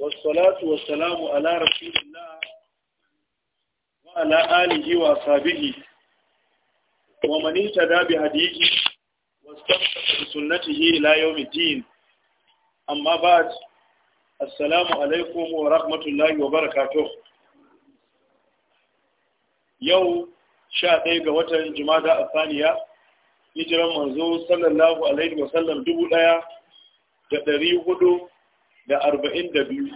والصلاة والسلام على رسول الله وعلى آله وصحبه ومن اهتدى بهديه واستمسك بسنته إلى يوم الدين أما بعد السلام عليكم ورحمة الله وبركاته يو sha ɗaya ga watan jimada a saniya hijiran manzo sallallahu alaihi wasallam dubu da ɗari hudu da arba'in da biyu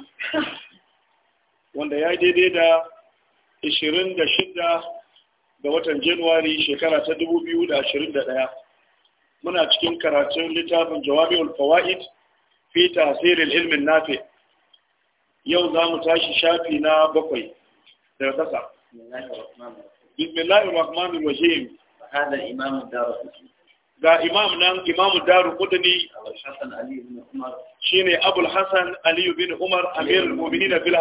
wanda ya yi daidai da ishirin da shida da watan januwari shekara ta dubu biyu da ashirin da ɗaya muna cikin karatun littafin jawabi fawa'id fi tasirin ilmin nafe. yau za mu tashi shafi na bakwai daga kasa bismillahir rahmanir rahim hada ga imam nan imamu daru kudani shi ne abul hassan aliyu bin umar Amir, mumini na fil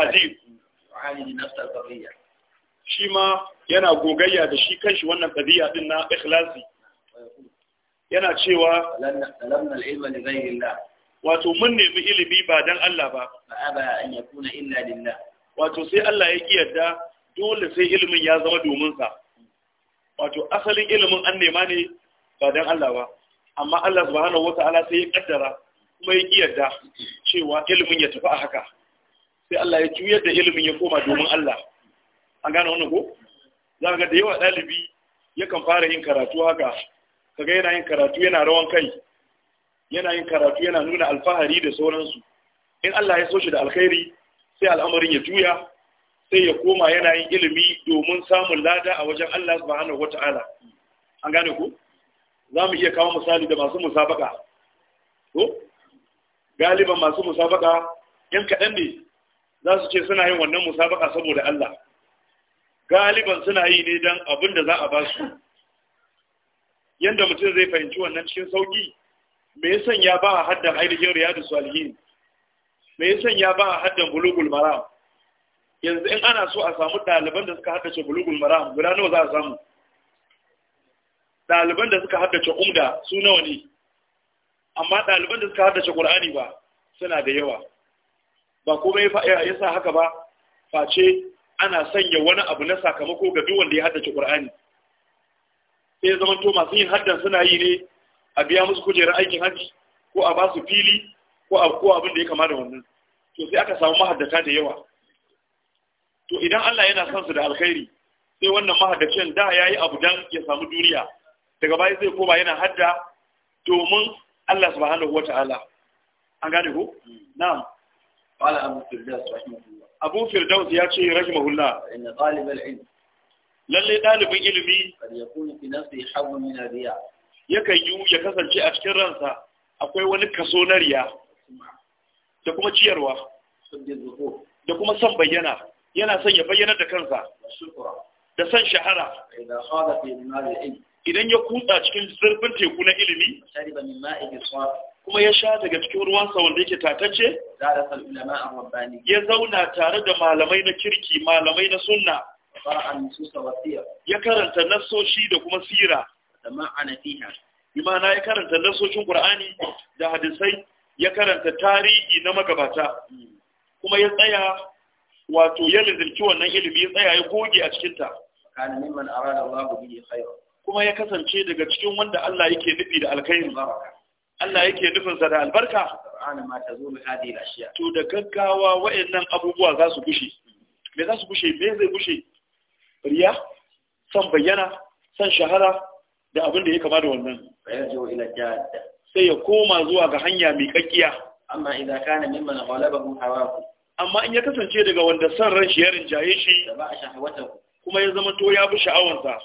shi ma yana gogayya da shi kanshi wannan kadiya din na ikhlasi yana cewa wato mun nemi ilimi ba dan Allah ba wato sai Allah ya kiyarda dole sai ilimin ya zama domin sa wato asalin ilimin an nema ne ba don Allah ba amma Allah subhanahu wata'ala sai ya kaddara kuma ya kiyarda cewa ilimin ya tafi a haka sai Allah ya juyar da ilimin ya koma domin Allah an gane wannan ko za ga da yawa ɗalibi yakan fara yin karatu haka kaga yana yin karatu yana rawan kai yana yin karatu yana nuna alfahari da sauransu in Allah ya so shi da alkhairi sai al'amarin ya juya sai ya koma yana yin ilimi domin samun lada a wajen Allah subhanahu wata'ala an gane ku za mu iya kawo misali da masu musabaka to galiban masu musabaka yan kaɗan ne za su ce suna yin wannan musabaka saboda Allah galiban suna yi ne don abin da za a ba su yadda mutum zai fahimci wannan cikin sauƙi me ya sanya ba a haddan ainihin da salihin me ya sanya ba a haddan bulugul maram yanzu in ana so a samu ɗaliban da suka haddace bulugul maram guda nawa za a samu ɗaliban da suka haddace umda su nawa ne amma ɗaliban da suka haddace ƙur'ani ba suna da yawa ba kuma ya sa haka ba face ana sanya wani abu na sakamako ga duk wanda ya haddace ƙur'ani sai ya zama masu yin haddan suna yi ne a biya musu kujerar aikin haki, ko a ba fili ko abin da ya kama da wannan to sai aka samu mahaddata da yawa to idan Allah yana son su da alkhairi sai wannan mahaddacin da ya yi abu dan ya samu duniya daga baya zai koma yana hadda domin Allah subhanahu wata'ala an gane ko na'am qala abu firdaus rahimahullah abu firdaus ya ce rahimahullah inna talib al-ilm lalle dalibin ilimi kad yakunu fi nafsihi hawwa min riya yakan yi ya kasance a cikin ransa akwai wani kaso na riya da kuma ciyarwa da kuma son bayyana yana son ya bayyana da kansa da san shahara idan ya kutsa cikin zurfin teku na ilimi kuma ya sha daga cikin ruwansa wanda yake tatacce ya zauna tare da malamai na kirki malamai na sunna ya karanta nasoshi da kuma sira imana ya karanta nasoshin qur'ani da hadisai ya karanta tarihi na magabata hmm. kuma ya tsaya wato ya lizirci wannan ilimi ya tsaya ya goge a cikinta kana mimman arada Allah bihi khayra kuma ya kasance daga cikin wanda Allah yake nufi da alkhairi Allah yake nufin sa da albarka ana ma tazulu hadi al-ashiya to da gaggawa wayannan abubuwa za su gushe me za su gushe me zai gushe riya san bayyana san shahara da abin da ya kama da wannan sai ya koma zuwa ga hanya mai kakkiya amma idan kana mimman ghalabahu hawaku amma in ya kasance daga wanda san ran shi ya rinjaye shi da ba kuma ya zama to ya bi sha'awansa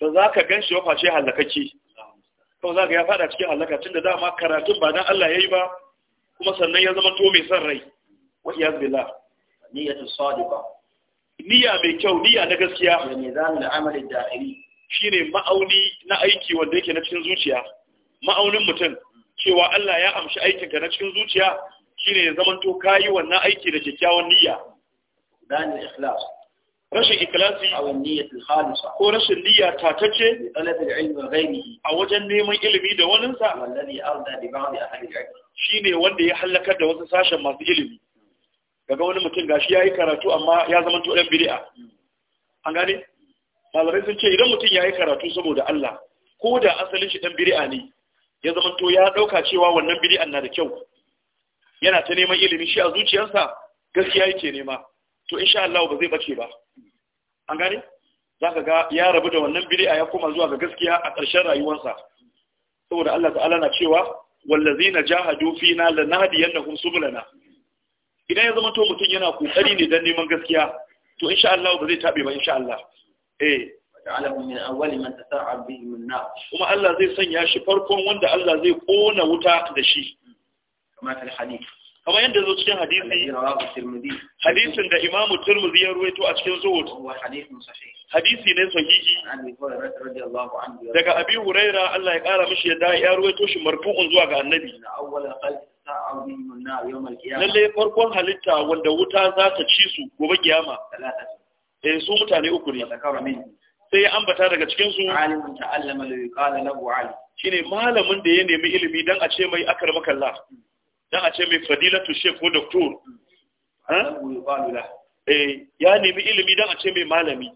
ba za ka gan shi ya ce. halakacce kawai za ka ya fada cikin halaka da dama karatun ba dan Allah ya yi ba kuma sannan ya zama to mai son rai wa iyaz billah niyyatu sadiqa niyya mai kyau niyya na gaskiya da nizamul amali da'iri shine ma'auni na aiki wanda yake na cikin zuciya ma'aunin mutum cewa Allah ya amshi aikinka na cikin zuciya shine ya zama to kayi wannan aiki da kyakkyawan niyya dan ikhlas rashin ikhlasi ko rashin niyya ta ta ce a wajen neman ilimi da wani sa shi ne wanda ya hallakar da wasu sashen masu ilimi daga wani mutum gashi yi karatu amma ya zama to ɗan bid'a an gane malamai sun ce idan mutum ya yi karatu saboda Allah ko da asalin shi ɗan bid'a ne ya zama to ya ɗauka cewa wannan bid'an na da kyau yana ta neman ilimi shi a zuciyarsa gaskiya yake nema to insha Allah ba zai bace ba an gane ka ga ya rabu da wannan bid'a ya koma zuwa ga gaskiya a ƙarshen rayuwarsa saboda Allah ta'ala na cewa wallazina jahadu fina lanahdiyannahum subulana idan ya zama to mutum yana kokari ne dan neman gaskiya to insha Allah ba zai tabe ba insha Allah eh ta'alamu min awwali man tasa'a bihi min nar kuma Allah zai sanya shi farkon wanda Allah zai kona wuta da shi kamar hadisi kamar yadda zo cikin hadisi hadisin da imamu turmuzi ya ruwaito a cikin zuhud hadisi ne sahihi daga abi huraira Allah ya kara mishi yadda ya ruwaito shi marfu'un zuwa ga annabi lalle farkon halitta wanda wuta za ta ci su gobe kiyama eh su mutane uku ne sai ya ambata daga cikin su alimun ta'allama la yuqala lahu alim shine malamin da ya nemi ilimi dan a ce mai akar makalla hmm. dan a ce mai fadilatu shek ko doktor eh, ya nemi ilimi dan a ce mai malami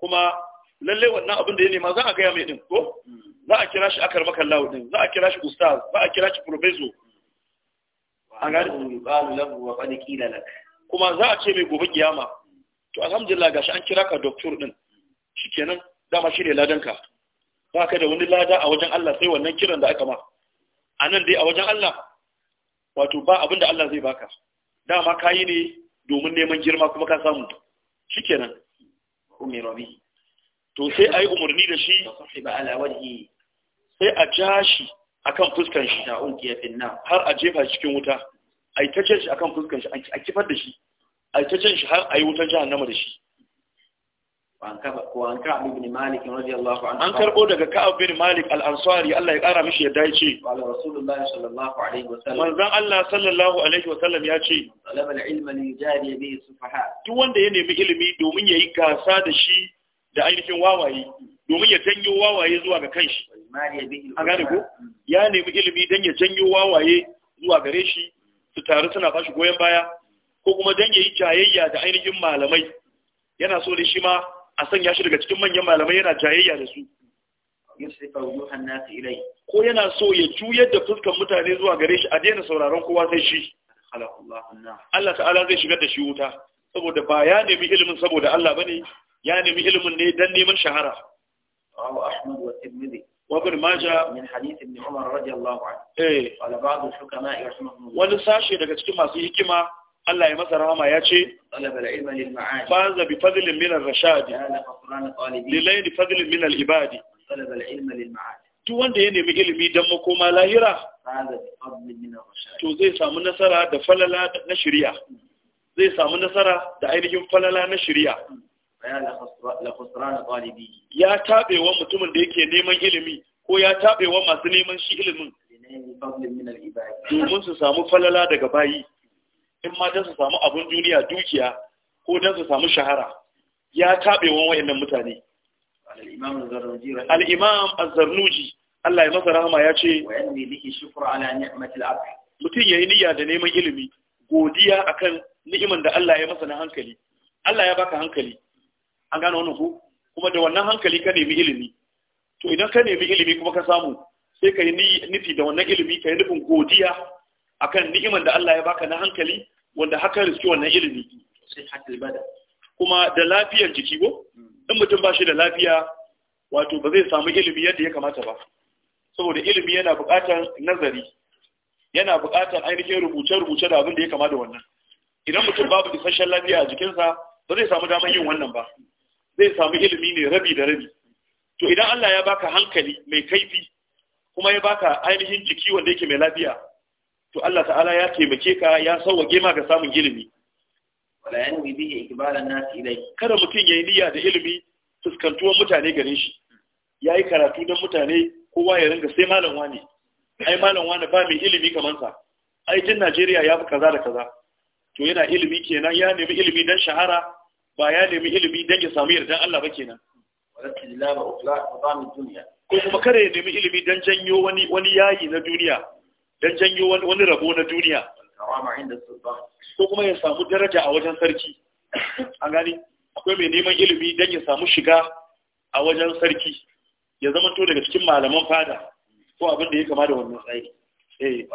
kuma lalle wannan abin da ya nema za a gaya mai din ko hmm. za a kira shi akar maka lawo din za a kira shi ustaz za a kira shi professor an gani kuma za a ce mai gobe kiyama to alhamdulillah gashi an kira ka doktor din shikenan dama shi ne ladanka ba ka da wani lada a wajen Allah sai wannan kiran da aka ma a nan dai a wajen Allah wato ba abin da Allah zai baka dama ka yi ne domin neman girma kuma ka samu shi kenan umirami to sai a yi umarni da shi sai a ja shi a kan fuskan shi har a jefa cikin wuta a yi ta shi a kan fuskan shi a kifar da shi a yi ta shi har a yi wutan nama da shi وعن كعب بن مالك رضي الله عنه عن كربو daga Ka'ab bin Malik al-Ansari Allah ya ƙara mishi yadda yace wala Rasulullah Allah sallallahu alaihi wasallam yace talabal ilma li wanda ya nemi ilimi domin ya yi gasa da shi da ainihin wawaye domin ya janyo wawaye zuwa ga kanshi an gane ko ya nemi ilimi don ya janyo wawaye zuwa gare shi su taru suna bashi goyon baya ko kuma don ya yi jayayya da ainihin malamai yana so ne shi ma a sanya shi daga cikin manyan malamai yana jayayya da su ko yana so ya juyar da fuskan mutane zuwa gare shi a daina sauraron kowa sai shi Allah ta'ala zai shigar da shi wuta saboda ba ya nemi ilimin saboda Allah bane ya nemi ilimin ne dan neman shahara وابن ماجه من حديث ابن عمر رضي الله عنه ايه على بعض الحكماء رحمهم الله wani sashe daga cikin masu hikima Allah ya masa rahama ya ce faza bi fadlin minar Rashadi. rashad lilayli fadlin minar ibadi duk wanda ya nemi ilimi dan makoma lahira to zai samu nasara da falala na shirya. zai samu nasara da ainihin falala na shirya. ya taɓe wa mutumin da yake neman ilimi ko ya taɓe wa masu neman shi ilimin domin su samu falala daga bayi in ma don su samu abin duniya dukiya ko don su samu shahara ya tabe wa wayannan mutane az-zarnuji Allah ya masa rahama ya ce mutum ya yi niyya da neman ilimi godiya akan ni'iman da Allah ya masa na hankali Allah ya baka hankali an gane wannan ku kuma da wannan hankali ka nemi ilimi to idan ka nemi ilimi kuma ka samu sai ka yi nufi da wannan ilimi ka yi nufin godiya akan ni'iman da Allah ya baka na hankali wanda haka riski wannan ilimi kuma da lafiyar jiki ko hmm. in mutum ba shi da lafiya wato ba zai samu ilimi yadda ya kamata ba saboda ilimi yana buƙatar nazari yana buƙatar ainihin rubuce-rubuce da abin da ya kama da wannan idan mutum babu isasshen lafiya a jikinsa ba zai samu damar yin wannan ba zai samu ilimi ne rabi da rabi to idan Allah ya baka hankali mai kaifi kuma ya baka ainihin jiki wanda yake mai lafiya to Allah ta'ala ya taimake ka ya sauwage ma ga samun ilimi wala bibi ya ikbalan nas ilai kada mutum yayi niyya da ilimi fuskantuwar mutane garin shi yayi karatu don mutane kowa ya ringa sai malam wani ai malam wani ba mai ilimi kamar sa ai din Najeriya ya fi kaza da kaza to yana ilimi kenan ya nemi ilimi dan shahara ba ya nemi ilimi dan ya samu yardan Allah ba kenan ko kuma kare ya nemi ilimi dan janyo wani wani yayi na duniya don janyo wani rabo na duniya ko kuma ya samu daraja a wajen sarki an gani akwai mai neman ilimi don ya samu shiga a wajen sarki ya zama to daga cikin malaman fada ko abin da ya kama da wannan tsari eh.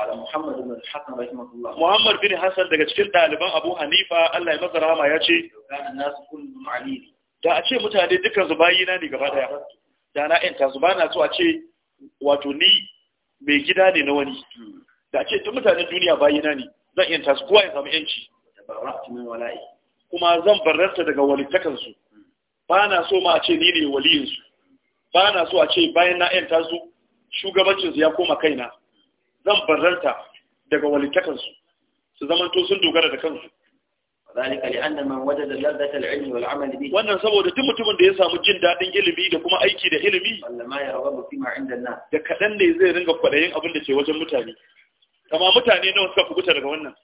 Muhammad bin Hassan daga cikin ɗaliban Abu Hanifa Allah ya masa rama ya ce da a ce mutane dukkan su na ne gaba daya da na ƴanta su ba na so a ce wato ni mai gida ne na wani hmm. da ce ta mutanen duniya bayina ne zan iya tasu kowa ya samu yanci kuma zan barrarta daga walittakansu hmm. ba na so ma a ce ni ne waliyinsu ba na so a ce bayan na yan tasu shugabancinsu ya koma kaina zan barrarta daga walittakansu su zamanto sun dogara da kansu وذلك لأن من وجد لذة العلم والعمل به wannan saboda duk mutumin da ya samu jin daɗin ilimi da kuma aiki da ilimi wallama ya rabu fi ma inda nas da kadan ne zai ringa kwadayin abin da ke wajen mutane kama mutane nawa suka kubuta daga wannan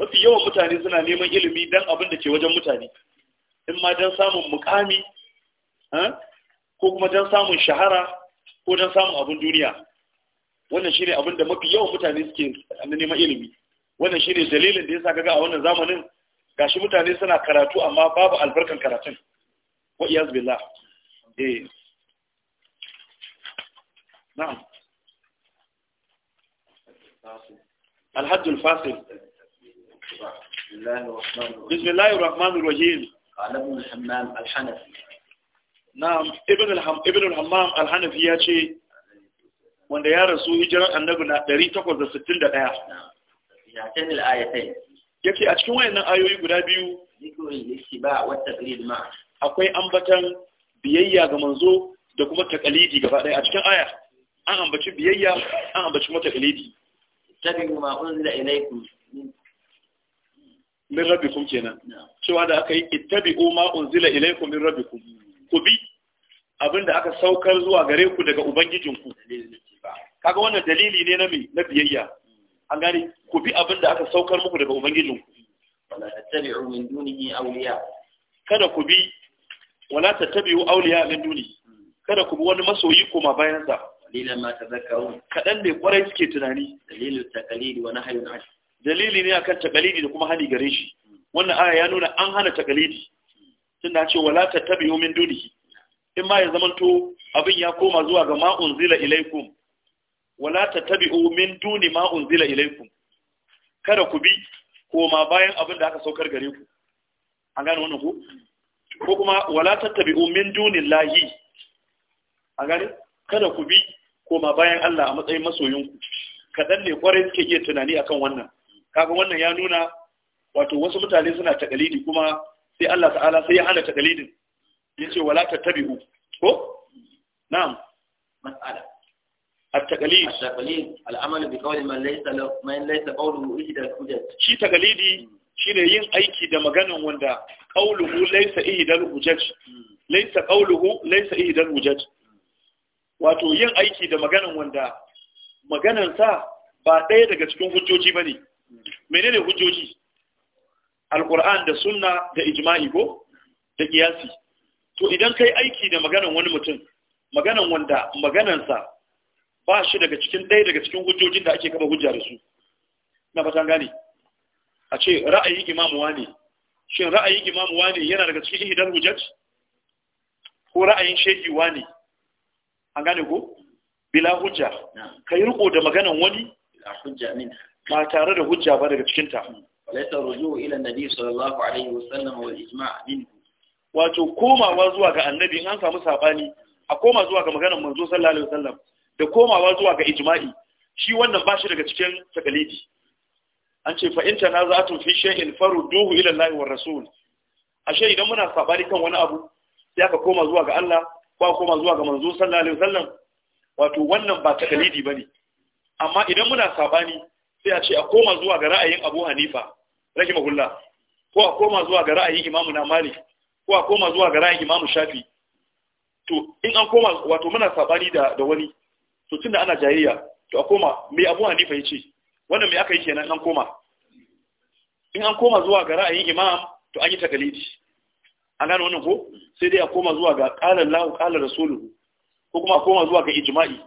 mafi yawan mutane suna neman ilimi dan abin ke wajen mutane in ma dan samun mukami ko kuma dan samun shahara ko dan samun abin duniya wannan shine abin da mafi yawan mutane suke neman ilimi wannan shi ne dalilin da ya sa ga a wannan zamanin gashi mutane suna karatu amma babu albarkan karatun wa iyaz billah eh na'am الحج الفاصل بسم الله الرحمن الرحيم قال ابن الحمام الحنفي نعم ابن الحم ابن الحمام الحنفي يا شيء wanda ya rasu hijiran annabi na yatanil ayatai a cikin wayannan ayoyi guda biyu akwai ambatan biyayya ga manzo da kuma takalidi gaba ɗaya a cikin aya an ambaci biyayya an ambaci kuma takalidi ma unzila ilaykum min rabbikum kenan cewa da aka yi ittabi'u ma unzila ilaykum min rabbikum ku bi abinda aka saukar zuwa gare ku daga ubangijinku kaga wannan dalili ne na biyayya an gane ku bi abin da aka saukar muku daga ubangijin ku wala tattabi'u min dunihi awliya kada ku bi wala tattabi'u awliya min duni hmm. kada ku bi wani masoyi kuma bayan sa dalilan ma tazakkarun kadan ne kwarai suke tunani dalilul taqalidi wa nahyun ash dalili ne akan taqalidi da kuma hani gare shi hmm. wannan aya ya nuna an hana taqalidi hmm. tunda ce wala tattabi'u min dunihi in ma ya zamanto abin ya koma zuwa ga ma unzila ilaikum wala tattabi'u min duni ma unzila ilaykum kada ku bi koma bayan abin da aka saukar gare ku an gane wannan ku ko kuma wala tattabi'u min lahi. an gane kada ku bi koma bayan Allah a matsayin masoyinku ka ne kwarai suke iya tunani akan wannan kaga wannan ya nuna wato wasu mutane suna takalidi kuma sai Allah ta'ala sai ya hana takalidin yace wala tattabi'u ko na'am mas'ala التقليد التقليد العمل بقول من ليس له من ليس قوله إحدى الحجج شي تقليدي shine yin aiki da maganan wanda qauluhu laysa ihdal hujaj laysa qauluhu laysa ihdal hujaj wato yin aiki da maganan wanda maganan sa ba ɗaya daga cikin hujjoji ba ne. menene hujjoji alquran da sunna da ijma'i ko da qiyasi to idan kai aiki da maganan wani mutum maganan wanda maganan sa ba shi daga cikin ɗaya daga cikin hujjojin da ake kaba hujja da su na fatan gane a ce ra'ayin imamu ne. shin ra'ayin imamu ne yana daga cikin ihdal hujjat ko ra'ayin shehi ne? an gane ko bila hujja ka yi riko da maganan wani ba tare da hujja ba daga cikin ta walaita rujuu wato komawa zuwa ga annabi in an samu saɓani, a koma zuwa ga maganar manzo sallallahu alaihi wasallam da komawa zuwa ga ijma'i shi wannan bashi daga cikin takalidi an ce fa in tanaza'tum fi shay'in farudduhu ila Allah wa rasul ashe idan muna sabari kan wani abu sai aka koma zuwa ga Allah ko koma zuwa ga manzo sallallahu alaihi wasallam wato wannan ba takalidi bane amma idan muna sabani sai a ce a koma zuwa ga ra'ayin Abu Hanifa rahimahullah ko a koma zuwa ga ra'ayin Imam Namali, Malik ko a koma zuwa ga ra'ayin Imam Shafi to in an koma wato muna sabani da da wani to tunda ana jayayya to a koma mai abu hanifa ya ce wannan me aka yi kenan an koma in an koma zuwa ga ra'ayin imam to an yi takalidi an gano wannan ko sai dai a koma zuwa ga qala Allahu qala rasuluhu ko kuma a koma zuwa ga ijma'i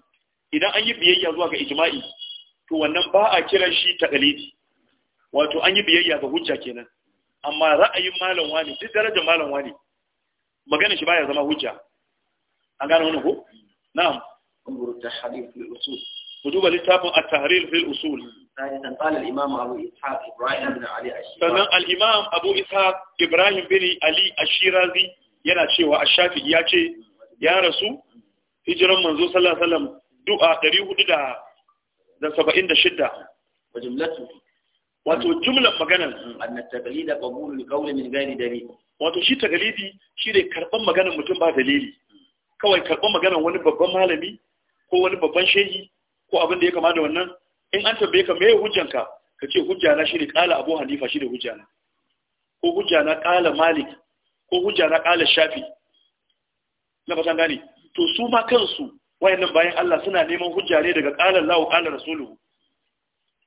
idan an yi biyayya zuwa ga ijma'i to wannan ba a kiran shi takalidi wato an yi biyayya ga hujja kenan amma ra'ayin malam wani duk darajar malam wani maganar shi baya zama hujja an gano wannan ko na'am انظر التحرير في الأصول وجوب لتاب التحرير في الأصول ثالثا قال الإمام أبو إسحاق إبراهيم بن علي الشيرازي yana cewa a ya ce ya rasu hijiran manzo sallallahu du'a wato jumlar maganar anna taqlida qabulul qawli min ghairi dalil wato shi taglidi shi ne karban maganar mutum ba dalili kawai karban maganar wani babban malami ko wani babban shehi ko abin da ya kama da wannan in an tambaye ka me hujjanka ka ce hujjana shi ne kala abu hanifa shi ne hujjana ko hujjana kala malik ko hujjana kala shafi na fatan gane to su ma kansu wayannan bayan Allah suna neman hujja ne daga kala Allah kala rasuluhu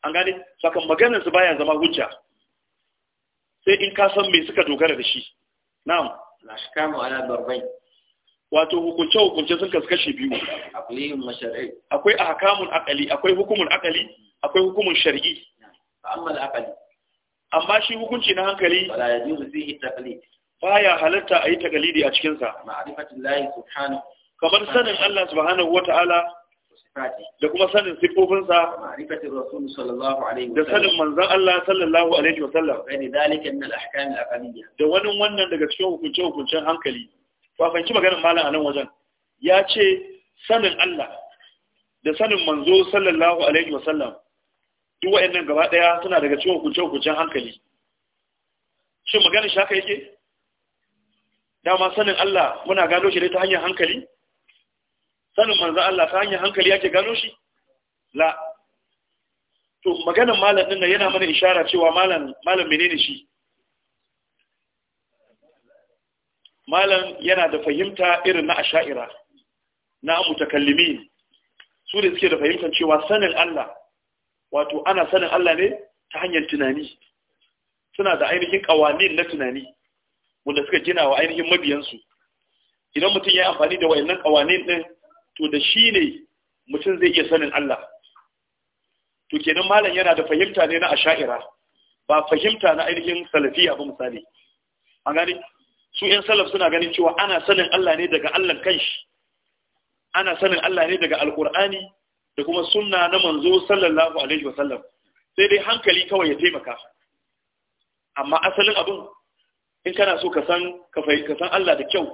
an gane sakan maganar su baya zama hujja sai in ka san me suka dogara da shi na'am la shakamu ala darbayn wato hukunce hukunce sun kaskashi biyu akwai a ahkamun akali akwai hukumun akali akwai hukumun shar'i amma shi hukunci na hankali ba ya halatta a yi takalidi a cikinsa kamar sanin Allah subhanahu wa ta'ala da kuma sanin siffofinsa da sanin manzan Allah sallallahu alaihi wasallam da wani wannan daga cikin hukunce-hukuncen hankali to a fanki maganin malam a nan wajen ya ce sanin Allah da sanin manzo sallallahu alaihi wa sallam duk wa'annan gaba daya suna daga cikin hukunce-hukuncen hankali shin maganin shaka haka yake dama sanin Allah muna gano shi ta hanyar hankali sanin manzo Allah ta hanyar hankali yake gano shi la to maganin malam din nan yana mana ishara cewa malam malam menene shi malam yana da fahimta irin na asha'ira na mutakallimi su da suke da fahimtar cewa sanin Allah wato ana sanin Allah ne ta hanyar tunani suna da ainihin kawanin na tunani wanda suka gina wa ainihin mabiyansu idan mutum ya yi amfani da wayannan kawanin din to da shi ne mutum zai iya sanin Allah to kenan malam yana da fahimta ne na asha'ira ba fahimta na ainihin salafiya ba misali an gani su ‘yan salaf suna ganin cewa ana sanin Allah ne daga Allah kanshi ana sanin Allah ne daga alkur'ani da kuma sunna na manzo sallallahu alaihi wasallam sai dai hankali kawai ya taimaka amma asalin abin in kana so ka san ka san Allah da kyau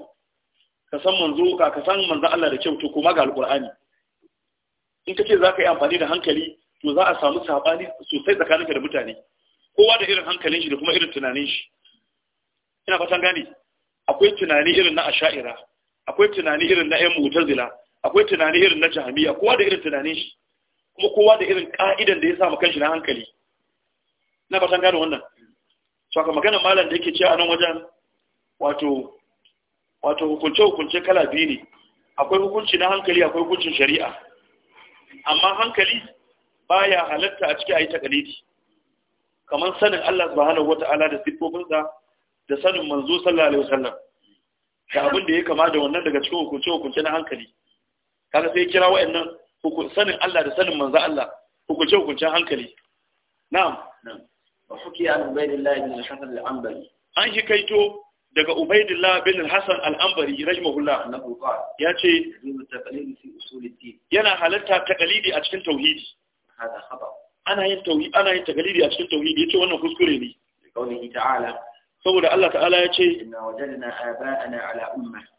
ka san manzo ka ka san manzo Allah da kyau to kuma ga alkur'ani in kace zaka yi amfani da hankali to za a samu sabani sosai tsakaninka da mutane kowa da irin hankalin shi da kuma irin tunanin shi ina fatan gane akwai tunani irin na asha'ira akwai tunani irin na 'yan mutazila akwai tunani irin na jahamiya kowa da irin tunanin shi kuma kowa da irin ka'idan da ya sa kanshi na hankali na batan gano wannan To aka magana malam da yake ce a nan wajen wato wato hukunce hukunce kala biyu ne akwai hukunci na hankali akwai hukuncin shari'a amma hankali baya halatta a ciki a yi takalidi kamar sanin Allah subhanahu wata'ala da siffofinsa da sanin manzo sallallahu alaihi wasallam da abin da ya kama da wannan daga cikin hukunci hukunci na hankali kaga sai kira wayannan sanin Allah da sanin manzo Allah hukunci hukuncin hankali na'am na'am wa hukiya an ubaydillah ibn hasan al-anbari an kaito daga ubaydillah bin hasan al-anbari rahimahullah annahu qala yace yana halatta taqalidi a cikin tauhidi hada khabar ana yin tauhidi ana yin taqalidi a cikin tauhidi yace wannan kuskure ne kauni ta'ala saboda Allah ta'ala ya ce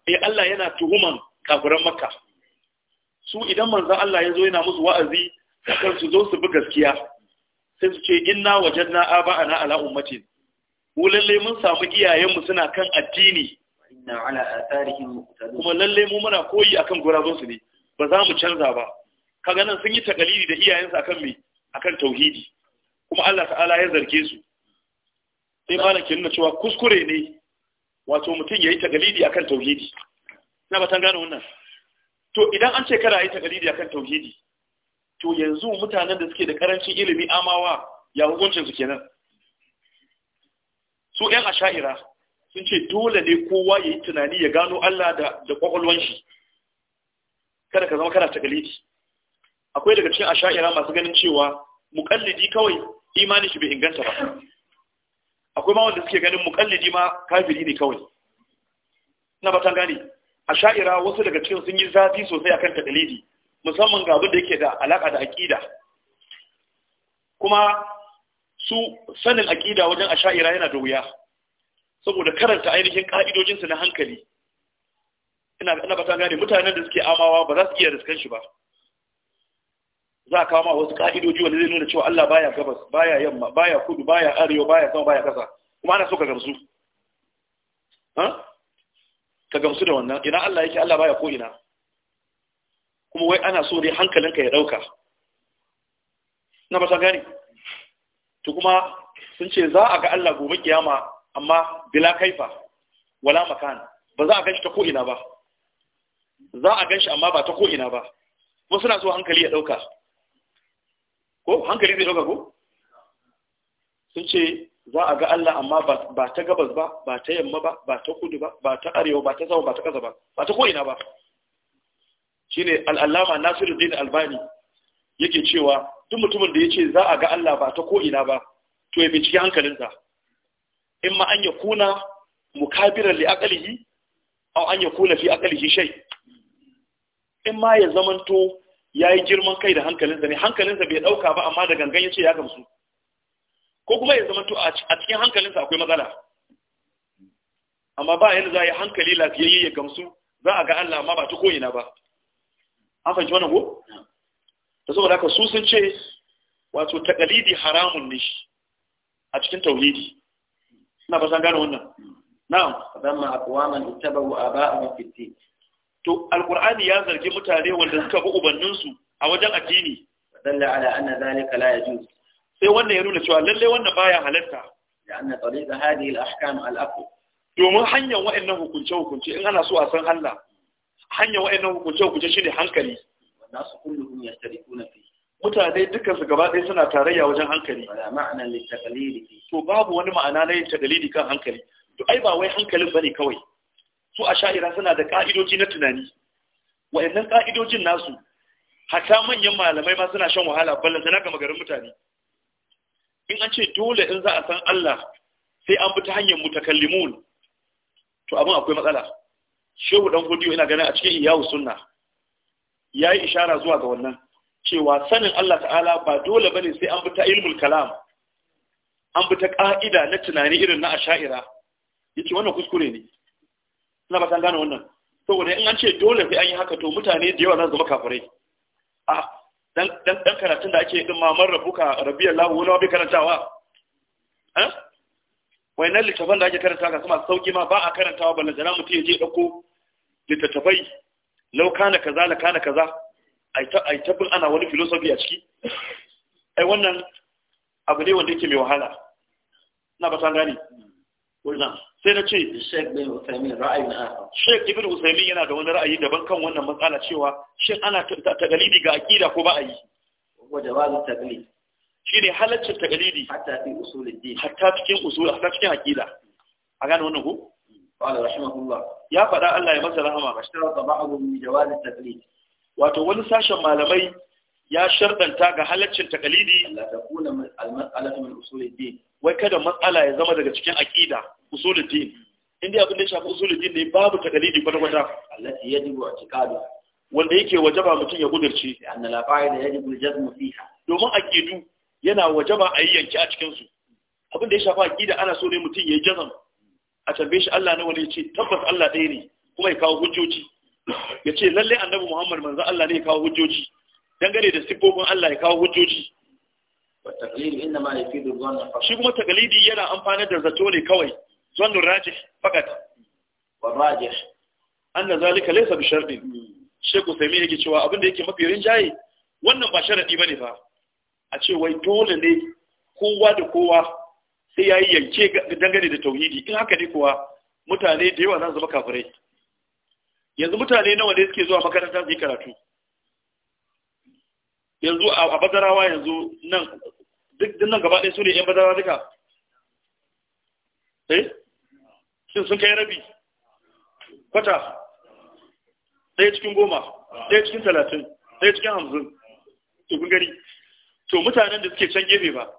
eh Allah yana tuhuman kafiran makka su idan manzon Allah ya zo yana musu wa'azi kan su zo su bi gaskiya sai su ce inna wajadna aba'ana ala ummatin mu lalle mun samu iyayenmu suna kan addini kuma lalle mu muna koyi akan gurabun su ne ba za mu canza ba kaga nan sun yi takalidi da iyayensu akan me akan tauhidi kuma Allah ta'ala ya zarge su sai malam ke nuna cewa kuskure ne wato mutum ya yi tagalidi akan tauhidi na batan gane wannan to idan an ce kada yi tagalidi akan tauhidi to yanzu mutanen da suke da karancin ilimi amawa ya hukuncin su kenan su yan asha'ira sun ce dole ne kowa ya yi tunani ya gano Allah da da kwakwalwan shi kada ka zama kana tagalidi akwai daga cikin asha'ira masu ganin cewa muƙallidi kawai imani shi bai inganta ba akwai ma wanda suke ganin mukallidi ma kafiri ne kawai na batan gane a sha'ira wasu daga cikin sun yi zafi sosai akan taqlidi musamman ga abin da yake da alaka da aqida kuma su sanin aqida wajen a sha'ira yana da wuya saboda karanta ainihin ka'idojinsu na hankali ina ina batan gane mutanen da suke amawa ba za su iya riskan shi ba za a kawo ma wasu ka'idoji wanda zai nuna cewa Allah baya gabas baya yamma baya kudu baya arewa baya sama baya kasa kuma ana so ka gamsu ka gamsu da wannan ina Allah yake Allah baya ko ina kuma wai ana so ne hankalinka ya dauka na ba ta gani to kuma sun ce za a ga Allah gobe kiyama amma bila kaifa wala makan ba za a ganshi ta ko ina ba za a ganshi amma ba ta ko ina ba kuma suna so hankali ya dauka ko hankali zai ɗauka ko sun ce za a ga Allah amma ba ta gabas ba ba ta yamma ba ba ta kudu ba ba ta arewa ba ta sama ba ta ƙasa ba ba ta ko'ina ba Shi ne al'allama nasiruddin albani yake cewa duk mutumin da ya ce za a ga Allah ba ta ko'ina ba to ya binciki hankalinsa in ma an ya kuna mukabiran li akalihi au an ya kuna fi akalihi shai, in ma ya zamanto ya yi girman kai da hankalinsa ne hankalinsa bai ɗauka ba amma da gangan ya ce ya gamsu ko kuma ya zama to a cikin hankalinsa akwai matsala amma ba yadda za a yi hankali lafiyayye ya gamsu za a ga Allah amma ba ta koyina ba an fahimci wannan ko da saboda haka su sun ce wato takalidi haramun ne a cikin tauhidi ina ba san gane wannan na'am adamma aqwaman ittabu aba'a fi din to alqur'ani ya zargi mutane wanda suka bi ubanninsu a wajen addini dalla ala anna zalika la yajuz sai wannan ya nuna cewa lalle wannan baya halarta da anna tariqa hadhihi al-ahkam al-aqwa domin hanyar wa'annan hukunce-hukunce in ana so a san Allah hanyar wa'annan hukunce-hukunce shi ne hankali nasu kullum ya tare kuna fi mutane dukkan su gaba ɗaya suna tarayya wajen hankali wala ma'ana li taqlidi to babu wani ma'ana na yin taqlidi kan hankali to ai ba wai hankalin bane kawai su a sha'ira suna da ƙa'idoji na tunani wa'annan ƙa'idojin nasu hata manyan malamai ma suna shan wahala ballanta na gama magarin mutane in an ce dole in za a san Allah sai an bi ta hanyar mutakallimun to abin akwai matsala shehu dan godiyo ina ganin a cikin iyawu sunna yayi ishara zuwa ga wannan cewa sanin Allah ta'ala ba dole bane sai an bi ta ilmul kalam an bi ta ka'ida na tunani irin na asha'ira yace wannan kuskure ne na ba san gane wannan saboda in an ce dole sai an yi haka to mutane da yawa za zama kafirai a dan dan karatun da ake din mamar rabuka rabbiyallahu wala bi karantawa eh nan littafan da ake karanta ga kuma sauki ma ba a karantawa balle da mutum ya je dauko littattafai lau kana kaza la kana kaza ai ta bin ana wani philosophy a ciki ai wannan abu ne wanda yake mai wahala na ba ta gane wannan sai na ce Sheik bin Usaimin ra'ayin akhar Ibn Usaimin yana da wani ra'ayi daban kan wannan matsala cewa shin ana tagalidi ga aqida ko ba a yi wa jawazu taglid shine halaccin tagalidi hatta fi hatta cikin usul hatta cikin a gane wannan ko qala rahimahullah ya faɗa Allah ya masa rahama bashara wato wani sashen malamai ya shardanta ga halaccin takalidi wai kada matsala ya zama daga cikin aƙida usulul din inda abin da ya shafi usulul din ne babu takalidi kwata kwata allati yajibu i'tiqadu wanda yake wajaba mutum ya gudurce anna la qa'ida yajibu al-jazm fiha domin aqidu yana wajaba a yanki a cikin su abin da ya shafi aqida ana so ne mutum ya jazam a tambaye shi Allah ne wanda ya ce tabbas Allah ɗaya ne kuma ya kawo hujjoji ya ce lalle annabi Muhammad manzo Allah ne ya kawo hujjoji dangane da siffofin Allah ya kawo hujjoji shi kuma takalidi yana amfanar da zato ne kawai zannin rajih fakat zalika bi sheku sami yake cewa abin da yake mafi rinjaye wannan ba sharadi ba ne fa a ce wai dole ne kowa da kowa sai ya yanke dangane da tauhidi in haka ne kuwa mutane da yawa za zama kafirai yanzu mutane nawa ne suke zuwa makaranta su yi karatu yanzu a bazarawa yanzu nan duk nan gaba ɗaya su ne yan badarawa duka eh shin sun kai rabi kwata ɗaya cikin goma ɗaya cikin talatin ɗaya cikin hamsin to kun gari to mutanen da suke can gefe ba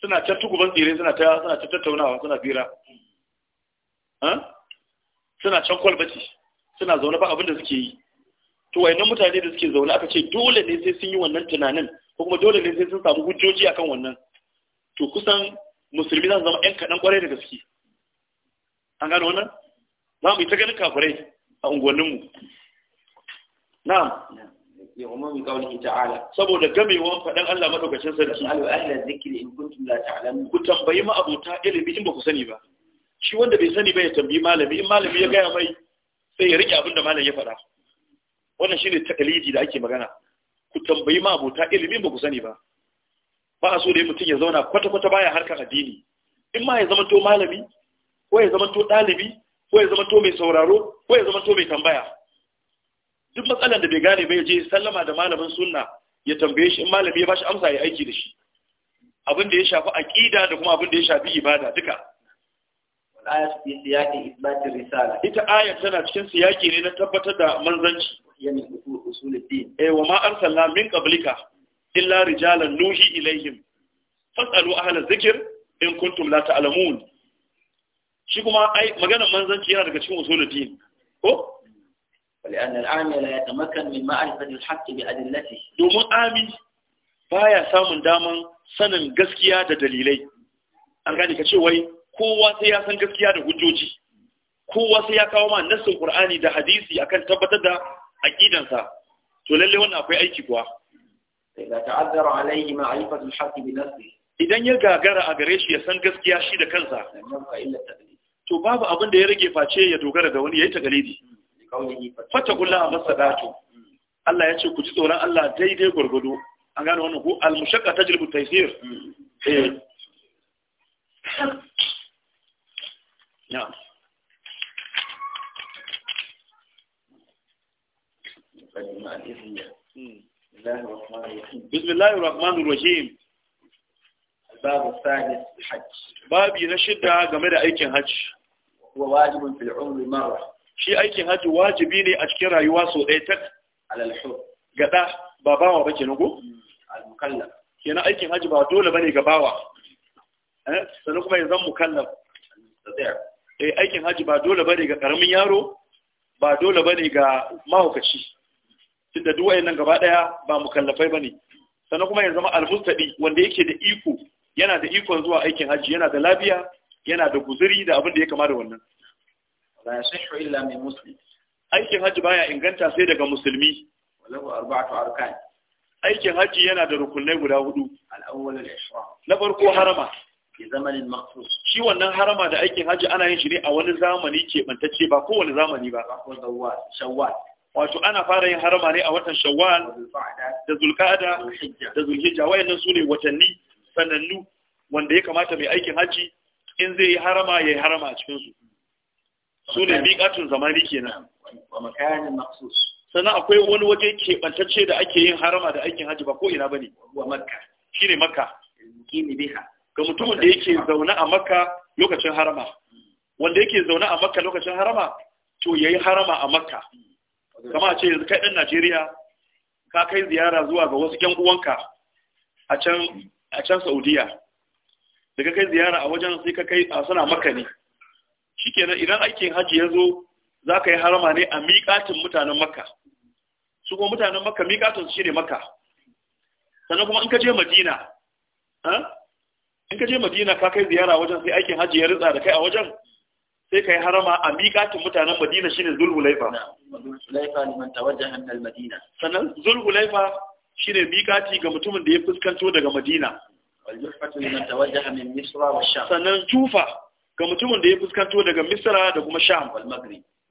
suna can tukuban tsere, suna ta suna ta tattaunawa suna fira suna can kwalbaci suna zaune ba abin da suke yi to wayannan mutane da suke zaune aka ce dole ne sai sun yi wannan tunanin ko kuma dole ne sai sun samu hujjoji akan wannan to kusan musulmi za su zama yan kaɗan kwarai da gaske an gano wannan za mu yi ta ganin kafirai a unguwanninmu na'am saboda gamewan faɗan Allah maɗaukacin sarki ku tambayi ma'abuta ilimi in ba ku sani ba shi wanda bai sani ba ya tambayi malami in malami ya gaya mai sai ya rike abin da malami ya faɗa wannan shine takalidi da ake magana ku tambayi ma abota ilimin ba ku sani ba ba a so da mutum ya zauna kwata-kwata baya harkar addini in ma ya zama to malami ko ya zama to ɗalibi ko ya zama to mai sauraro ko ya zama to mai tambaya duk matsalar da bai gane ba ya je sallama da malamin sunna ya tambaye shi in malami ya bashi amsa ya aiki da shi abin da ya shafi aqida da kuma abin da ya shafi ibada duka aya su fi siyaƙin risala. Ita aya tana cikin siyaƙi ne na tabbatar da manzanci. Yanin usulun din. E wa ma'ar sallah min ƙablika, illa rijalan nuhi ilayhim, fasalu ahala zikir in kuntum la ta'lamun. Shi kuma maganar manzanci yana daga cikin usulun din. Ko? Wali an al'ami la ya tamakan min ma'arifatil haqqi bi Domin ami baya samun daman sanin gaskiya da dalilai. An gane ka ce wai kowa sai ya san gaskiya da hujjoji kowa sai ya kawo ma nassin qur'ani da hadisi akan tabbatar da aqidansa to lalle wannan akwai aiki kuwa ta'azzara alaihi ma'rifatu al-haqq bi nafsihi idan ya gagara a gare shi ya san gaskiya shi da kansa to babu abin da ya rage face ya dogara da wani yayi tagalidi hmm. fatakullaha masadatu hmm. Allah ya ce ku ji tsoron Allah daidai gurgudu an gane wannan ko al-mushaqqa tajlibu taysir hmm. eh نعم. بسم الله الرحمن الرحيم الباب الثالث الحج باب ينشد جميع أيكين حج هو واجب في العمر مرة شيء أيكين حج واجبيني أشكره يواسو أيتك على الحر قدا بابا وبيتي نقول المكلف هنا أيكين حج بعدول بني قباوة أه سنقوم يزم مكلف eh aikin haji ba dole bane ga karamin yaro ba dole bane ga mahaukaci tunda duk wayannan gaba daya ba mukallafai bane sannan kuma yanzu zama almustadi wanda yake da iko yana da ikon zuwa aikin haji yana da lafiya yana da guzuri da abin da ya kama da wannan la yasihhu illa min muslim aikin haji baya inganta sai daga musulmi walahu arba'atu arkan aikin haji yana da rukunai guda hudu al-awwal al-ihram na farko harama fi zamanin maqsus shi wannan harama da aikin haji ana yin shi ne a wani zamani mantacce ba kowane zamani ba wato ana fara yin harama ne a watan shawwal da zulkada da zulhijja wayannan su ne watanni sanannu wanda ya kamata mai aikin haji in zai yi harama ya yi harama a cikinsu su ne miƙatun zamani kenan sannan akwai wani waje keɓantacce da ake yin harama da aikin haji ba ko ina ba ne makka shine makka ga mutumin da yake zaune a makka lokacin harama wanda yake zaune a makka lokacin harama to ya yi harama a makka kama a ce yanzu kai ɗan najeriya ka kai ziyara zuwa ga wasu 'yan uwanka a can saudiya da ka kai ziyara a wajen sai ka kai a suna maka ne shikenan idan aikin hajji ya zo za ka yi harama ne a miƙatin mutanen makka su kuma mutanen makka miƙatin su shi ne makka sannan kuma in ka je madina eh, in ka je madina ka kai ziyara wajen sai aikin hajji ya ritsa da kai a wajen sai ka yi harama a miƙatin mutanen madina shine zulhulaifa sannan zulhulaifa shine miƙati ga mutumin da ya fuskanto daga madina sannan jufa ga mutumin da ya fuskanto daga misra da kuma sham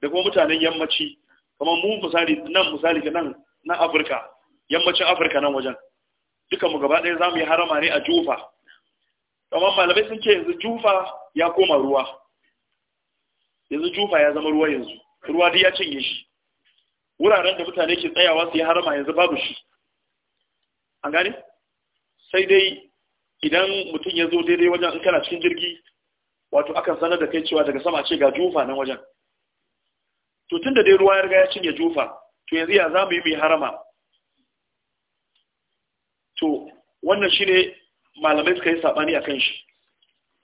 da kuma mutanen yammaci kamar mu misali nan misali nan na afirka yammacin afirka nan wajen duka mu gaba ɗaya za mu yi harama ne a jufa kamar malamai sun ce yanzu jufa ya koma ruwa yanzu jufa ya zama ruwa yanzu ruwa duk ya cinye shi wuraren da mutane ke tsayawa su yi harama yanzu babu shi an gane sai dai idan mutum ya zo daidai wajen in kana cikin jirgi wato akan sanar da kai cewa daga sama ce ga jufa nan wajen to tun da dai ruwa ya riga ya cinye jufa to yanzu ya za mu yi mai harama to wannan shi ne malamai suka yi sabani akan shi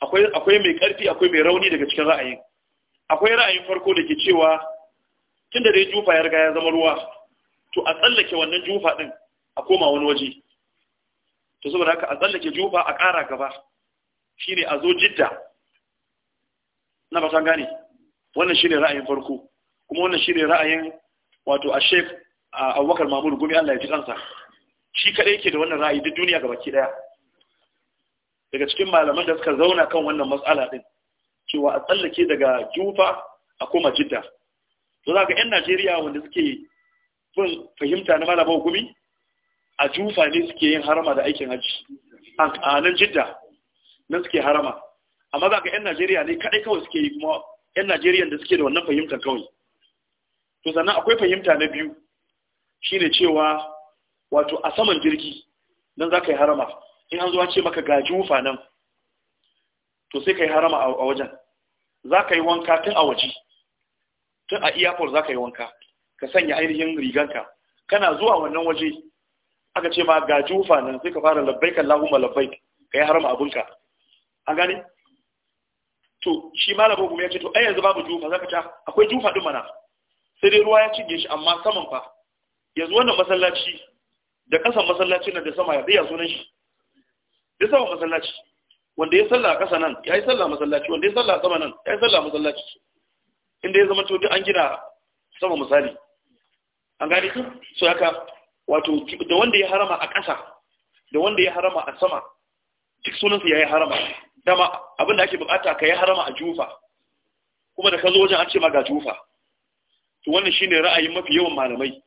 akwai akwai mai karfi akwai mai rauni daga cikin ra'ayi. akwai ra'ayin farko da ke cewa tunda dai jufa ya riga ya zama ruwa to a tsallake wannan jufa din a koma wani waje to saboda haka a tsallake jufa a ƙara gaba shine a zo jidda na ba gane wannan shine ra'ayin farko kuma wannan shine ra'ayin wato a sheik abubakar mamuru gumi allah ya ji kansa shi kaɗai ke da wannan ra'ayi duk duniya gabaki ɗaya daga cikin malaman da suka zauna kan wannan matsala din cewa a tsallake daga jufa a koma jidda to za ka 'yan najeriya wanda suke bin fahimta na malaba hukumi a jufa ne suke yin harama da aikin hajji a nan jidda nan suke harama amma za ka 'yan najeriya ne kaɗai kawai suke yi kuma 'yan najeriya da suke da wannan fahimtar kawai to sannan akwai fahimta na biyu shine cewa wato a saman jirgi nan za ka yi harama in an zuwa ce maka ga jufa nan to sai ka yi harama a wajen za ka yi wanka tun a waje tun a iyakar za ka yi wanka ka sanya ainihin riganka kana zuwa wannan waje aka ce ma ga jufa nan sai ka fara labbai, kan lahuma labbai, ka yi harama abinka an gane to shi malamin kuma ya ce to ai yanzu babu jufa za ka ta akwai jufa din mana sai dai ruwa ya cinye shi amma saman fa yanzu wannan masallaci da kasan masallacin da sama ya biya sunan shi ya saba masallaci wanda ya salla a ƙasa nan ya yi salla masallaci wanda ya salla a sama nan ya yi salla masallaci inda ya zama to duk an gina sama misali an gane su so haka wato da wanda ya harama a ƙasa da wanda ya harama a sama duk sunansa ya yi harama dama abin da ake bukata ka yi harama a jufa kuma da ka zo wajen an ce ma ga jufa to wannan shine ra'ayin mafi yawan malamai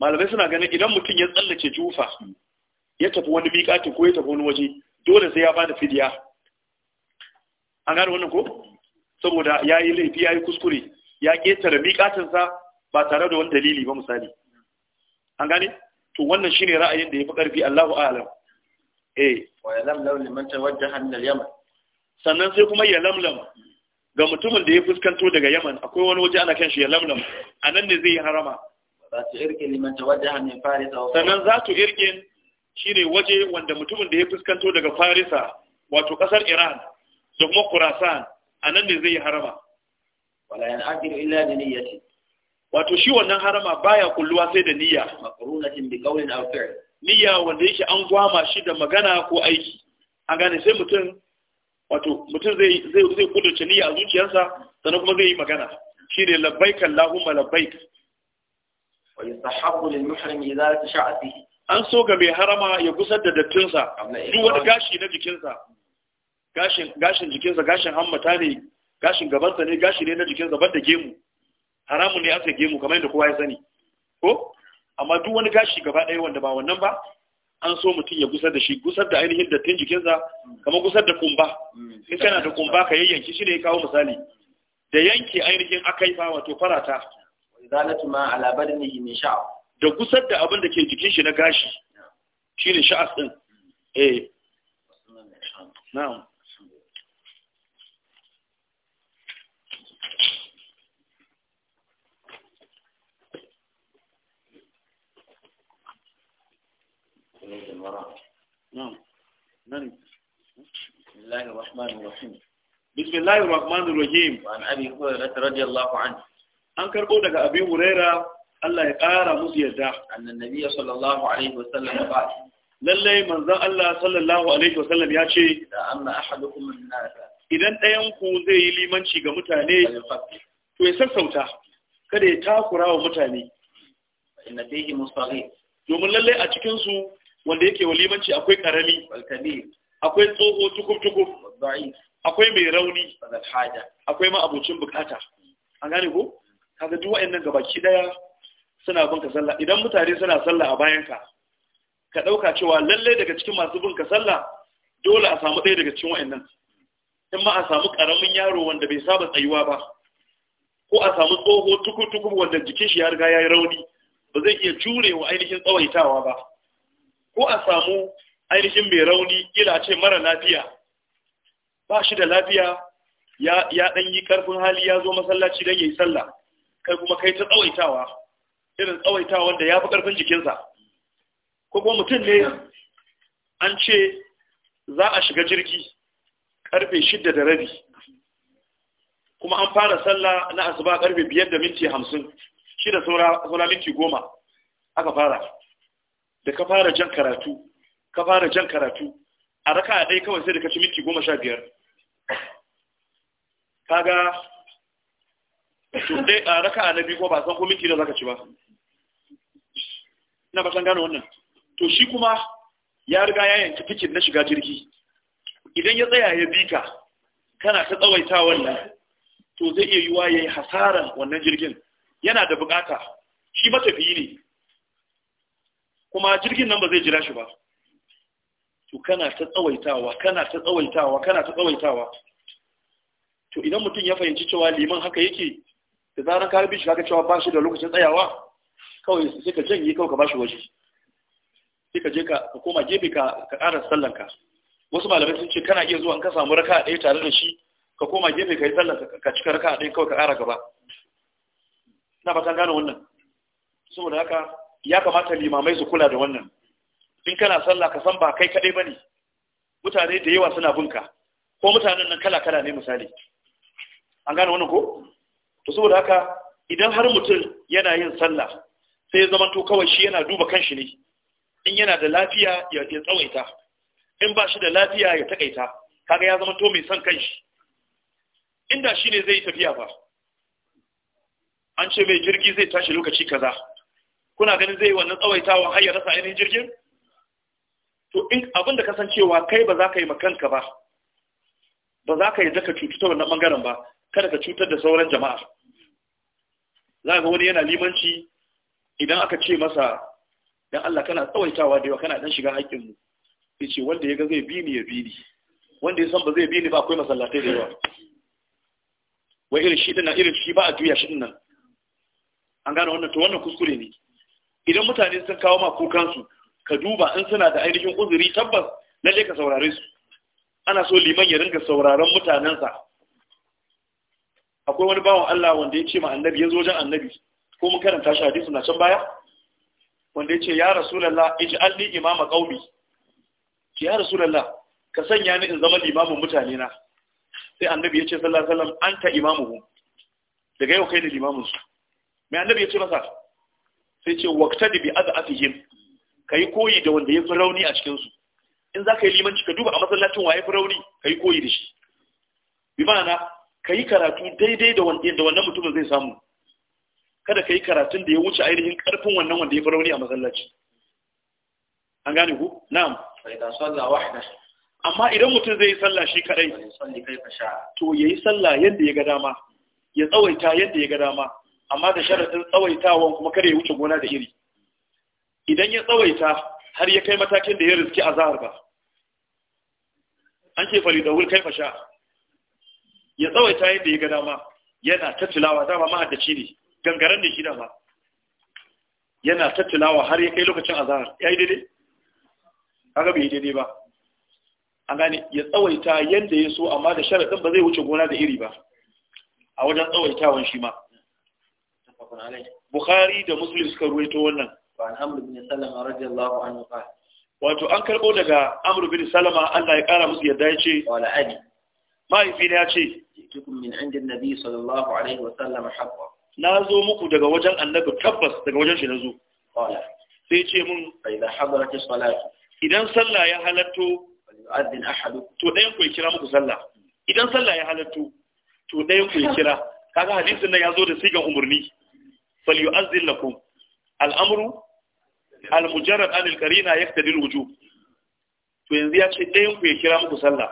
malamai suna ganin idan mutum ya tsallace jufa ya tafi wani miƙati ko ya tafi wani waje dole sai ya ba da fidiya an gane wannan ko saboda ya yi laifi ya yi kuskure ya ƙetare miƙatinsa ba tare da wani dalili ba misali an gane to wannan shine ra'ayin da ya fi ƙarfi Allahu a'lam eh sannan sai kuma ya lamlam ga mutumin da ya fuskanto daga Yaman akwai wani waje ana kan shi ya lamlam. A nan ne zai yi harama sannan za su irke shine waje wanda mutumin da ya fuskanto daga farisa wato kasar iran da kuma kurasan a nan ne zai yi harama wala yan akiru illa da niyyati wato shi wannan harama baya kulluwa sai da niyya maqrunatin bi qawlin aw fi'l niyya wanda yake an gwama shi da magana ko aiki an gane sai mutum wato mutum zai zai zai kudurce niyya a zuciyarsa sannan kuma zai yi magana shi ne labbaik allahumma labbaik wa yastahabbu lil muhrim idza tasha'ati an so ga mai harama ya gusar da dattinsa duk wani gashi na jikinsa gashin jikinsa gashin hammata ne gashin gabansa ne gashi ne na jikinsa banda gemu haramun ne aka gemu kamar yadda kowa ya sani ko amma duk wani gashi gaba ɗaya wanda ba wannan ba an so mutum ya gusar da shi gusar da ainihin dattin jikinsa kamar gusar da kumba mm. in kana da kumba ka yayyanki shi ne ya kawo misali da yanke ainihin fa wato farata izalatu ma ala badnihi min sha'a da gusar da abin da ke jikin shi na gashi shi ne sha'as ɗin eh na'am نعم نعم بسم الله الرحمن الرحيم بسم الله الرحمن الرحيم وعن أبي هريرة رضي الله عنه أنكر بودك أبي هريرة Allah ya ƙara musu yarda annan nabiyyi sallallahu alaihi sallam ya ba lallai manzon Allah sallallahu alaihi wa sallam ya ce idan ɗayan ku zai yi limanci ga mutane to ya sassauta kada ya takura wa mutane inna fihi musaghir domin lallai a cikin su wanda yake wa limanci akwai karami akwai tsoho tukub tukuf akwai mai rauni akwai ma abocin bukata an gane ko kaga duk wayannan gabaki daya suna bin ka sallah idan mutane suna sallah a bayanka ka ɗauka cewa lallai daga cikin masu bin ka sallah dole a samu ɗaya daga cikin wa'annan in ma a samu karamin yaro wanda bai saba tsayuwa ba ko a samu tsoho tukutuku wanda jikin shi ya riga ya yi rauni ba zai iya jurewa ainihin tsawaitawa ba ko a samu ainihin mai rauni ila ce mara lafiya ba shi da lafiya ya ɗan yi ƙarfin hali ya zo masallaci dan ya yi sallah kai kuma kai ta tsawaitawa irin tsawaita wanda ya fi ƙarfin jikinsa ko kuma mutum ne an ce za a shiga jirgi ƙarfe shidda da rabi kuma an fara sallah na asuba ƙarfe biyar da minti hamsin shi da saura minti goma aka fara da ka fara jan karatu ka fara jan karatu a raka a ɗai kawai sai da ka ci minti goma sha biyar kaga dai a raka'a na biyu ko ba san ko minti da zaka ci ba ina ba san gane wannan to shi kuma ya riga ya yanki tikin na shiga jirgi idan ya tsaya ya bika kana ta tsawaita wannan to zai iya yiwa yayi hasaran wannan jirgin yana da bukata shi matafiyi ne kuma jirgin nan ba zai jira shi ba to kana ta tsawaitawa kana ta tsawaitawa kana ta tsawaitawa to idan mutum ya fahimci cewa liman haka yake da zaran ka bi shi kaga cewa ba shi da lokacin tsayawa kawai sai ka janye kawai ka ba shi waje sai ka je ka koma gefe ka ka ƙara sallan ka wasu malamai sun ce kana iya zuwa in ka samu raka ɗaya tare da shi ka koma gefe ka yi sallan ka cika raka ɗaya kawai ka ƙara gaba ina fatan gane wannan saboda haka ya kamata limamai su kula da wannan in kana sallah ka san ba kai kaɗai ba ne mutane da yawa suna bunka ko mutanen nan kala-kala ne misali an gane wannan ko to saboda haka idan har mutum yana yin sallah sai ya zama to kawai shi yana duba kanshi ne in yana da lafiya ya tsawaita in ba shi da lafiya ya takaita kaga ya zama to mai son kanshi inda shi ne zai tafiya ba an ce mai jirgi zai tashi lokaci kaza kuna ganin zai wannan tsawaitawa har ya rasa ainihin jirgin to in abin da kasancewa kai ba za ka yi ma kanka ba ba za ka yi zaka cutu wannan bangaren ba kada ka cutar da sauran jama'a za ga wani yana limanci idan aka ce masa dan Allah kana tsawaitawa da yawa kana dan shiga haƙƙin mu ce wanda ya ga zai bi ni ya bi ni wanda ya san ba zai bi ni ba akwai masallatai da yawa wai irin shi din irin shi ba a juya shi din nan an gane wannan to wannan kuskure ne idan mutane sun kawo ma kukan su ka duba in suna da ainihin uzuri tabbas lalle ka saurare su ana so liman ya ringa sauraron mutanensa akwai wani bawan Allah wanda ya ce ma annabi ya zo wajen annabi ko mun karanta shi hadisi na can baya wanda ya ce ya rasulullah ij'al li imama qaumi ki ya rasulullah ka sanya ni in zama limamin mutane na sai annabi ya ce sallallahu alaihi wasallam anta imamuhum daga yau kai ne limamin su mai annabi ya ce masa sai ce waqtadi bi adafihim kai koyi da wanda ya fi rauni a cikin su in zaka yi limanci ka duba a masallacin waye fi rauni kai koyi da shi bi ma'ana ka yi karatu daidai da wannan mutumin zai samu kada ka yi karatun da ya wuce ainihin karfin wannan wanda ya farauni a matsalaci an gane ku na'am amma idan mutum zai yi sallah shi kadai to ya yi sallah yadda ya ga dama ya tsawaita yadda ya ga dama amma da sharaɗin tsawaitawan kuma kada ya wuce gona da iri idan ya tsawaita har ya kai matakin da ya riski a zahar ba an ce fali da wuri kai fasha ya tsawaita yadda ya ga dama yana ta tilawa dama mahaddaci ne gangaren ne shi dama yana ta tilawa har ya kai lokacin azahar ya yi daidai kaga bai yi daidai ba an gane ya tsawaita yadda ya so amma da sharaɗin ba zai wuce gona da iri ba a wajen tsawaitawan shi ma bukhari da musulun suka ruwaito wannan wato an karɓo daga amur bin salama allah ya ƙara musu yadda ya ce mahaifina ya ce na zo muku daga wajen annabi tabbas daga wajen shi na zo sai ce mun idan hadarati salatu idan sallah ya halatto to ɗayan ku ya kira muku sallah idan sallah ya halatto to ɗayan ku ya kira kaga hadisin nan ya zo da sigan umarni fal yu'adhin lakum al'amru al-mujarrad an al-qarina yaqtadi al-wujub to yanzu ya ce ɗayan ku ya kira muku sallah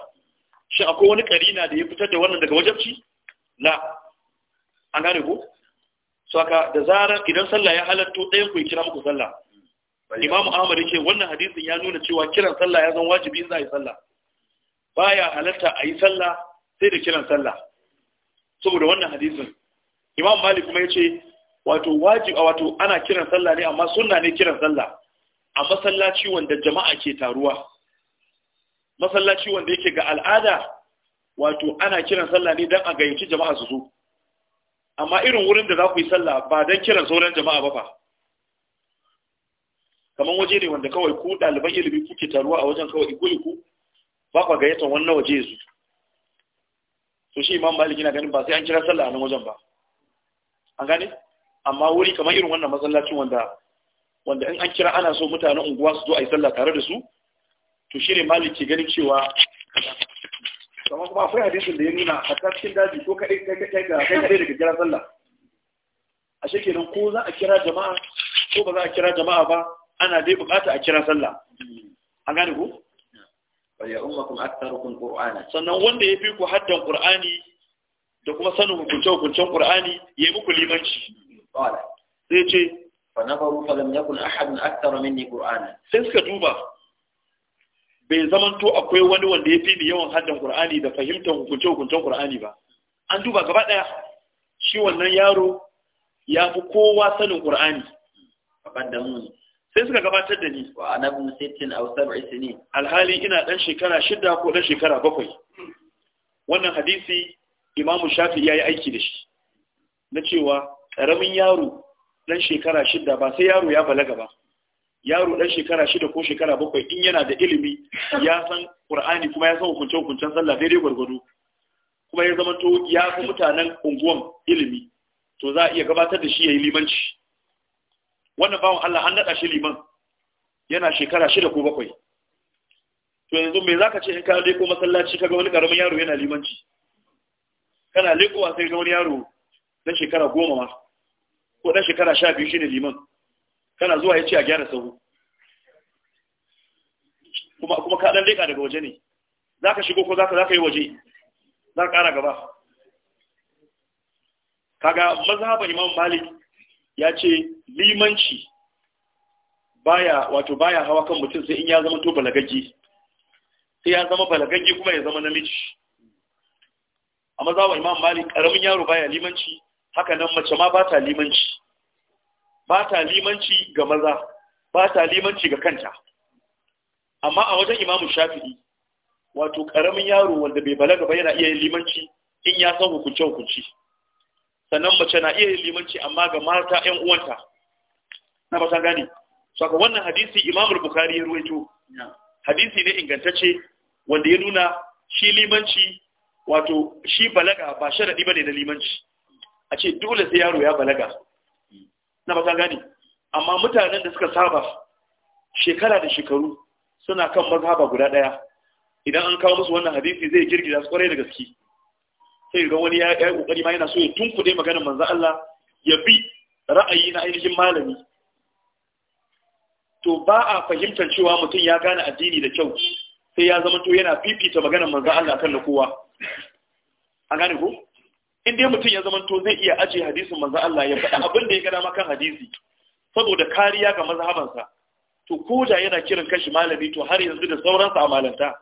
shi akwai wani na da ya fitar da wannan daga wajabci la an gane ko so da zarar idan sallah ya halatto ɗayan ku ya kira muku sallah imam ahmad yake wannan hadisin ya nuna cewa kiran sallah ya zan wajibi in za a yi sallah baya halatta a yi sallah sai da kiran sallah saboda wannan hadisin imam malik kuma yace wato wajibi wato ana kiran sallah ne amma sunna ne kiran sallah a masallaci wanda jama'a ke taruwa masallaci wanda yake ga al'ada wato ana kiran sallah ne don a gayyaci jama'a su zo amma irin wurin da za ku yi sallah ba don kiran sauran jama'a ba fa kamar waje ne wanda kawai ku ɗaliban ilimi kuke taruwa a wajen kawai iko-iku, ba ku gayyatar wannan waje su to shi imam malik yana ganin ba sai an kira sallah a nan wajen ba an gane amma wuri kamar irin wannan masallacin wanda wanda in an kira ana so mutanen unguwa su zo a yi sallah tare da su to shi ne malik ke ganin cewa kamar kuma akwai hadisin da ya nuna a ta cikin daji ko kaɗai kai kai kai kai daga kira sallah a shekenan ko za a kira jama'a ko ba za a kira jama'a ba ana dai bukata a kira sallah an gane ku ya ummakum aktharukum qur'ana sannan wanda yafi ku haddan qur'ani da kuma sanin hukuncin hukuncen qur'ani yayi muku limanci wala sai ce fa nabaru fa lam yakun ahadun akthara minni qur'ana sai suka duba bai zamanto akwai wani wanda ya fi bi yawan haddan Qur'ani da fahimtar hukunce-hukuncen Qur'ani ba an duba gaba ɗaya shi wannan yaro ya fi kowa sanin Qur'ani sai suka gabatar da ni wa ana bin sittin wasu alhali ina ɗan shekara shida ko dan shekara bakwai wannan hadisi imamu shafi ya yi aiki da shi na cewa ƙaramin yaro ɗan shekara shida ba sai yaro ya balaga ba yaro ɗan shekara shida ko shekara bakwai in yana da ilimi ya san ƙur'ani kuma ya san hukunce hukuncen sallah daidai gwargwado kuma ya zama to ya fi mutanen unguwan ilimi to za a iya gabatar da shi ya yi limanci wannan bawan Allah an naɗa shi liman yana shekara shida ko bakwai to yanzu me za ka ce in ka leko masallaci kaga wani ƙaramin yaro yana limanci kana leko sai ga wani yaro ɗan shekara goma ma ko ɗan shekara sha biyu shine liman kana zuwa ya ce a gyara sahu kuma kuma ka dan leka daga waje ne za ka shigo ko za ka yi waje za ka ƙara gaba kaga mazhaban imam malik ya ce limanci baya wato baya hawa kan mutum sai in ya zama to balagaggi sai ya zama balagaggi kuma ya zama namiji a mazhaban imam malik karamin yaro baya limanci haka nan mace ma ba ta limanci ba ta limanci ga maza ba ta limanci ga kanta amma a wajen imamu shafi'i wato karamin yaro wanda bai balaga ba yana iya yin limanci in ya san hukunce hukunci sannan mace na iya yin limanci amma ga mata ƴan uwanta na ba san gane saka wannan hadisi imamu bukhari ya ruwaito hadisi ne ingantacce wanda ya nuna shi limanci wato shi balaga ba sharadi bane na limanci a ce dole sai yaro ya balaga na ba gani amma mutanen da suka saba shekara da shekaru suna kan mazhaba guda daya idan an kawo musu wannan hadisi zai girgiza su kwarai da gaske sai ga wani ya yi kokari ma yana so ya tunkuɗe maganar manzo Allah ya bi ra'ayi na ainihin malami to ba a fahimtar cewa mutum ya gane addini da kyau sai ya zama to yana fifita maganar manzo Allah kan na kowa an gane ko in dai mutum ya zamanto zai iya ajiye hadisin manzo Allah ya faɗa abin da ya gada makan hadisi saboda kariya ga mazhabansa to ko da yana kiran kashi malami to har yanzu da sauran a malanta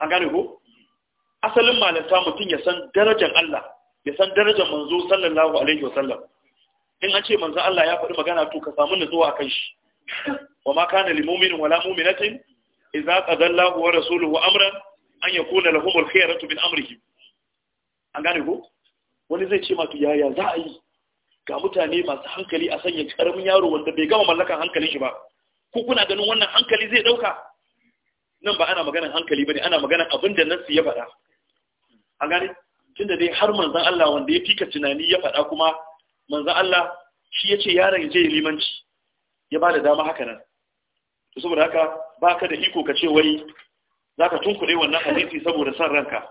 an gane ko asalin malanta mutum ya san darajar Allah ya san darajar manzo sallallahu alaihi wa sallam in an ce manzo Allah ya faɗi magana to ka samu nutsuwa akan shi wa ma kana lil mu'minin wala mu'minatin idza qadallahu wa rasuluhu amran an yakuna lahumul khiyaratu min amrihim an gane ko wani zai ce masu yaya za a yi ga mutane masu hankali a sanya karamin yaro wanda bai gama mallakan hankalin shi ba ko kuna ganin wannan hankali zai dauka nan ba ana maganan hankali bane ana maganan abin da nasu ya faɗa an gane tunda dai har manzon Allah wanda ya fika tunani ya faɗa kuma manzon Allah shi yace yaron ya je limanci ya bada dama haka nan to saboda haka baka da iko ka ce wai zaka tunkuɗe wannan hadisi saboda san ranka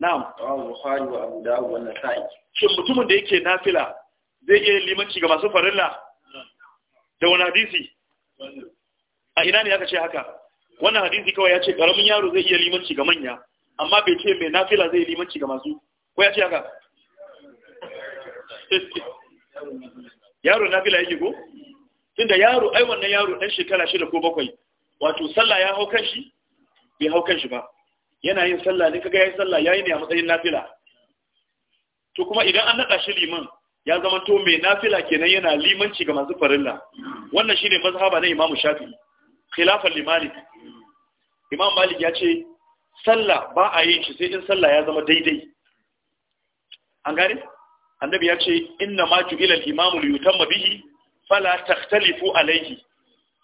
na'am rawahu wa abu dawud wannan sai. shin mutumin da yake nafila zai iya limanci ga masu farilla da wani hadisi a ina ne aka ce haka wannan hadisi kawai ya ce karamin yaro zai iya limanci ga manya amma bai ce mai nafila zai limanci ga masu ko ya ce haka yaro nafila yake ko tunda yaro ai wannan yaro dan shekara shida ko bakwai wato sallah ya hau kanshi bai hau kanshi ba yana yin sallah ne kaga yayi sallah yayi ne a matsayin nafila to kuma idan an nada shi liman ya zama to mai nafila kenan yana limanci ga masu farilla wannan shine mazhaba na Imam Shafi khilafan limalik Imam Malik ya ce sallah ba a yin shi sai in sallah ya zama daidai an gane annabi ya ce inna ma ju'ila al-imamu li yutamma bihi fala takhtalifu alayhi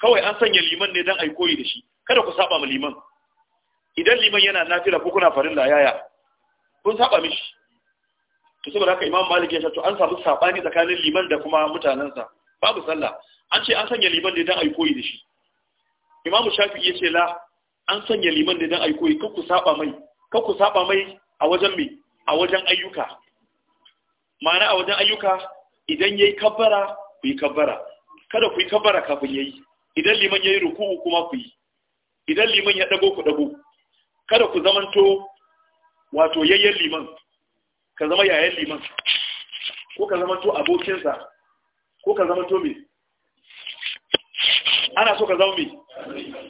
kawai an sanya liman ne dan ai koyi da shi kada ku saba ma liman idan liman yana nafila ko kuna farilla yaya kun saba mishi to saboda haka imam malik ya ce to an samu sabani tsakanin liman da kuma mutanansa babu sallah an ce an sanya liman ne dan ayi koyi da shi imam shafi'i ya ce la an sanya liman ne dan ayi koyi kar ku saba mai kar ku saba mai a wajen me a wajen ayyuka ma'ana a wajen ayyuka idan yayi kabbara ku yi kabbara kada ku yi kabbara kafin yayi idan liman yayi ruku'u kuma ku yi idan liman ya dago ku dago kada ku zamanto wato yayyen liman ka zama yayan liman ko ka zamanto abokinsa ko ka zamanto mai ana so ka zama mai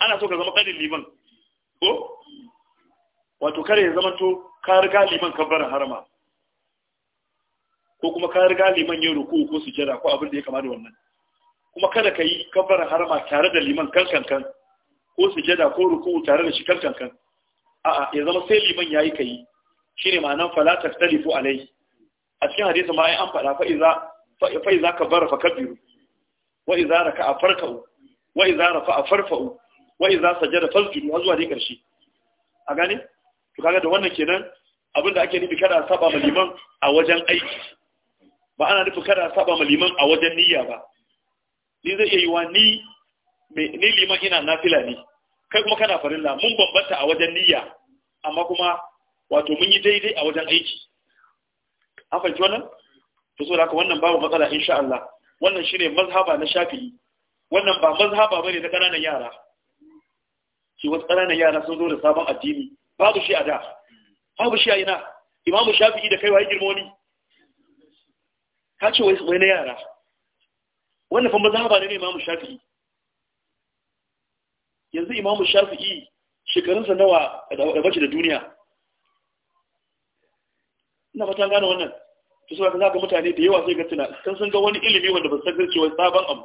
ana so ka zama kanin liman ko wato kare ya zamanto ka riga liman kabbaran harama ko kuma ka riga liman yin ruku ko jira ko abin da ya kama da wannan kuma kada ka yi kabbaran harama tare da liman kankan kan ko sujada ko ruku tare da shi kankan kan a'a ya zama sai liman yayi kai shine ma'anan fala taftalifu alai a cikin hadisi ma ai an fada fa iza fa iza kabara fa kabiru wa iza a farka'u wa iza a farfa'u wa iza sajada fasjudu har zuwa dai karshe a gane to kaga da wannan kenan abinda ake nufi kada a saba ma liman a wajen aiki ba ana nufi kada a saba ma liman a wajen niyya ba ni zai iya yi wa ni ni liman ina nafila ne kai kuma kana farilla mun bambanta a wajen niyya amma kuma wato mun yi daidai a wajen aiki an fahimci wannan to so haka wannan babu matsala insha Allah wannan shine mazhaba na Shafi'i wannan ba mazhaba bane na ƙananan yara shi wasu ƙananan yara sun zo da sabon addini babu shi a da babu shi a ina imamu Shafi'i da kai waye girma wani ka ce wai na yara wannan fa mazhaba ne na imamu Shafi'i yanzu imamu shafi'i shekarunsa nawa da bace da duniya ina fata gane wannan to sai ka ga mutane da yawa sai ga tuna kan sun ga wani ilimi wanda ba san cewa sabon abu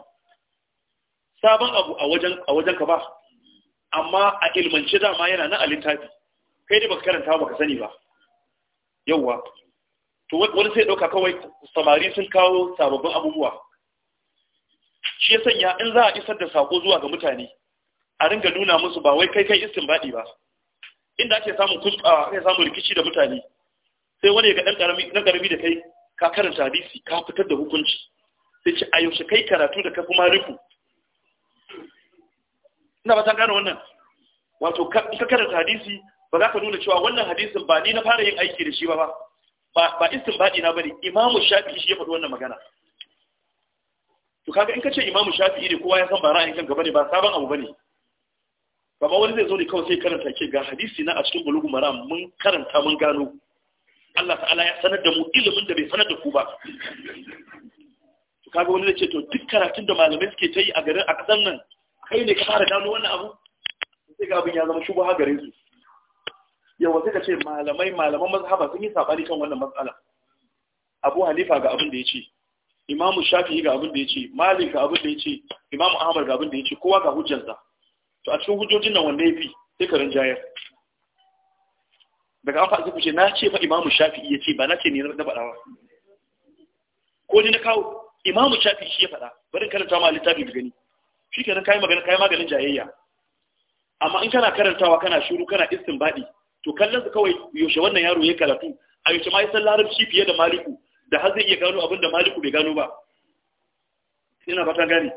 sabon abu a wajen a wajen ka ba amma a ilmance dama yana na a littafi kai ne baka karanta ba ka sani ba yawa to wani sai dauka kawai samari sun kawo sababbin abubuwa shi ya sanya in za a isar da sako zuwa ga mutane a ringa nuna musu ba wai kai kai istinbadi ba inda ake samun a ake samun rikici da mutane sai wani ga dan karami dan karami da kai ka karanta hadisi ka fitar da hukunci sai ce a yaushe kai karatu da kafi mariku ina ba san gane wannan wato ka karanta hadisi ba za ka nuna cewa wannan hadisin ba ni na fara yin aiki da shi ba ba ba istinbadi na bane imamu shafi shi ya faɗi wannan magana to kaga in ka ce imamu shafi ne kowa ya san ba ra'ayin kan gaba ne ba sabon abu bane Baba wani zai zo ne kawai sai karanta ke ga hadisi na a cikin bulugu mara mun karanta mun gano. Allah ta'ala ya sanar da mu ilimin da bai sanar da ku ba. To kaga wani zai ce to duk karatun da malamai suke ta yi a garin a ƙasar nan kai ne ka fara gano wannan abu. Sai ga abin ya zama shubuha gare su. Yawa sai ka ce malamai malaman mazhaba sun yi sabani kan wannan matsala. Abu Halifa ga abin da ya ce. Imamu Shafi'i ga abin da ya ce, Malik ga abin da ya ce, Imamu Ahmad ga abin da ya ce, kowa ga hujjarsa. to a cikin hujjojin nan wanda ya fi sai ka rinjayar daga an faɗi kuce na ce fa imamu Shafi iya ce ba na ce ne na faɗa ba ko ni na kawo imamu Shafi shi ya faɗa barin karanta ma littafi da gani shi kenan kai magana kai maganin jayayya amma in kana karantawa kana shiru kana istinbadi to kallon su kawai yaushe wannan yaro ya karatu a yaushe ma ya san larabci fiye da maliku da har zai iya gano abin da maliku bai gano ba ina ta gane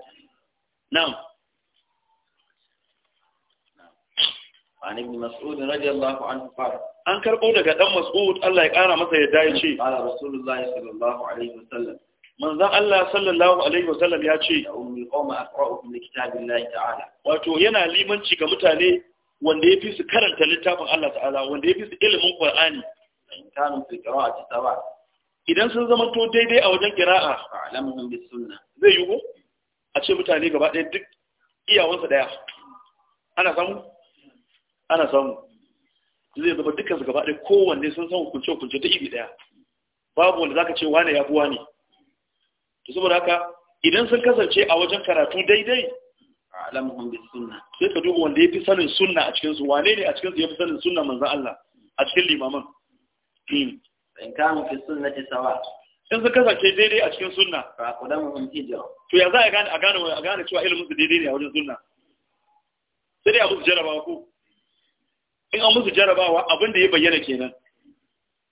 na'am عن ابن مسعود رضي الله عنه قال an karɓo daga ɗan mas'ud Allah ya ƙara masa yadda ya ce ala rasulullahi sallallahu alaihi wasallam Manzan Allah sallallahu alaihi wasallam ya ce ummi qoma aqra'u min kitabillahi ta'ala wato yana limanci ga mutane wanda ya fi su karanta littafin Allah ta'ala wanda ya fi su ilimin Qur'ani kanu fi qira'ati sawa idan sun zama to daidai a wajen qira'a alamun bis sunna zai yi ko a ce mutane gaba ɗaya duk iyawansa daya ana samu ana samu zai zama dukkan su gaba ɗaya kowanne sun samu kunce-kunce ta iri ɗaya babu wanda zaka ce wane ya buwa ne to saboda haka idan sun kasance a wajen karatu daidai sunna sai ka duba wanda ya fi sanin sunna a cikinsu. wane ne a cikinsu ya fi sanin sunna manza Allah a cikin limaman hmm. in kanu fi sunnati sawa in sun kasance daidai a cikin sunna to ya za a gane a gane a gane cewa ilimin su daidai ne a wajen sunna sai dai abu jarabawa ko in an musu jarabawa abin da ya bayyana kenan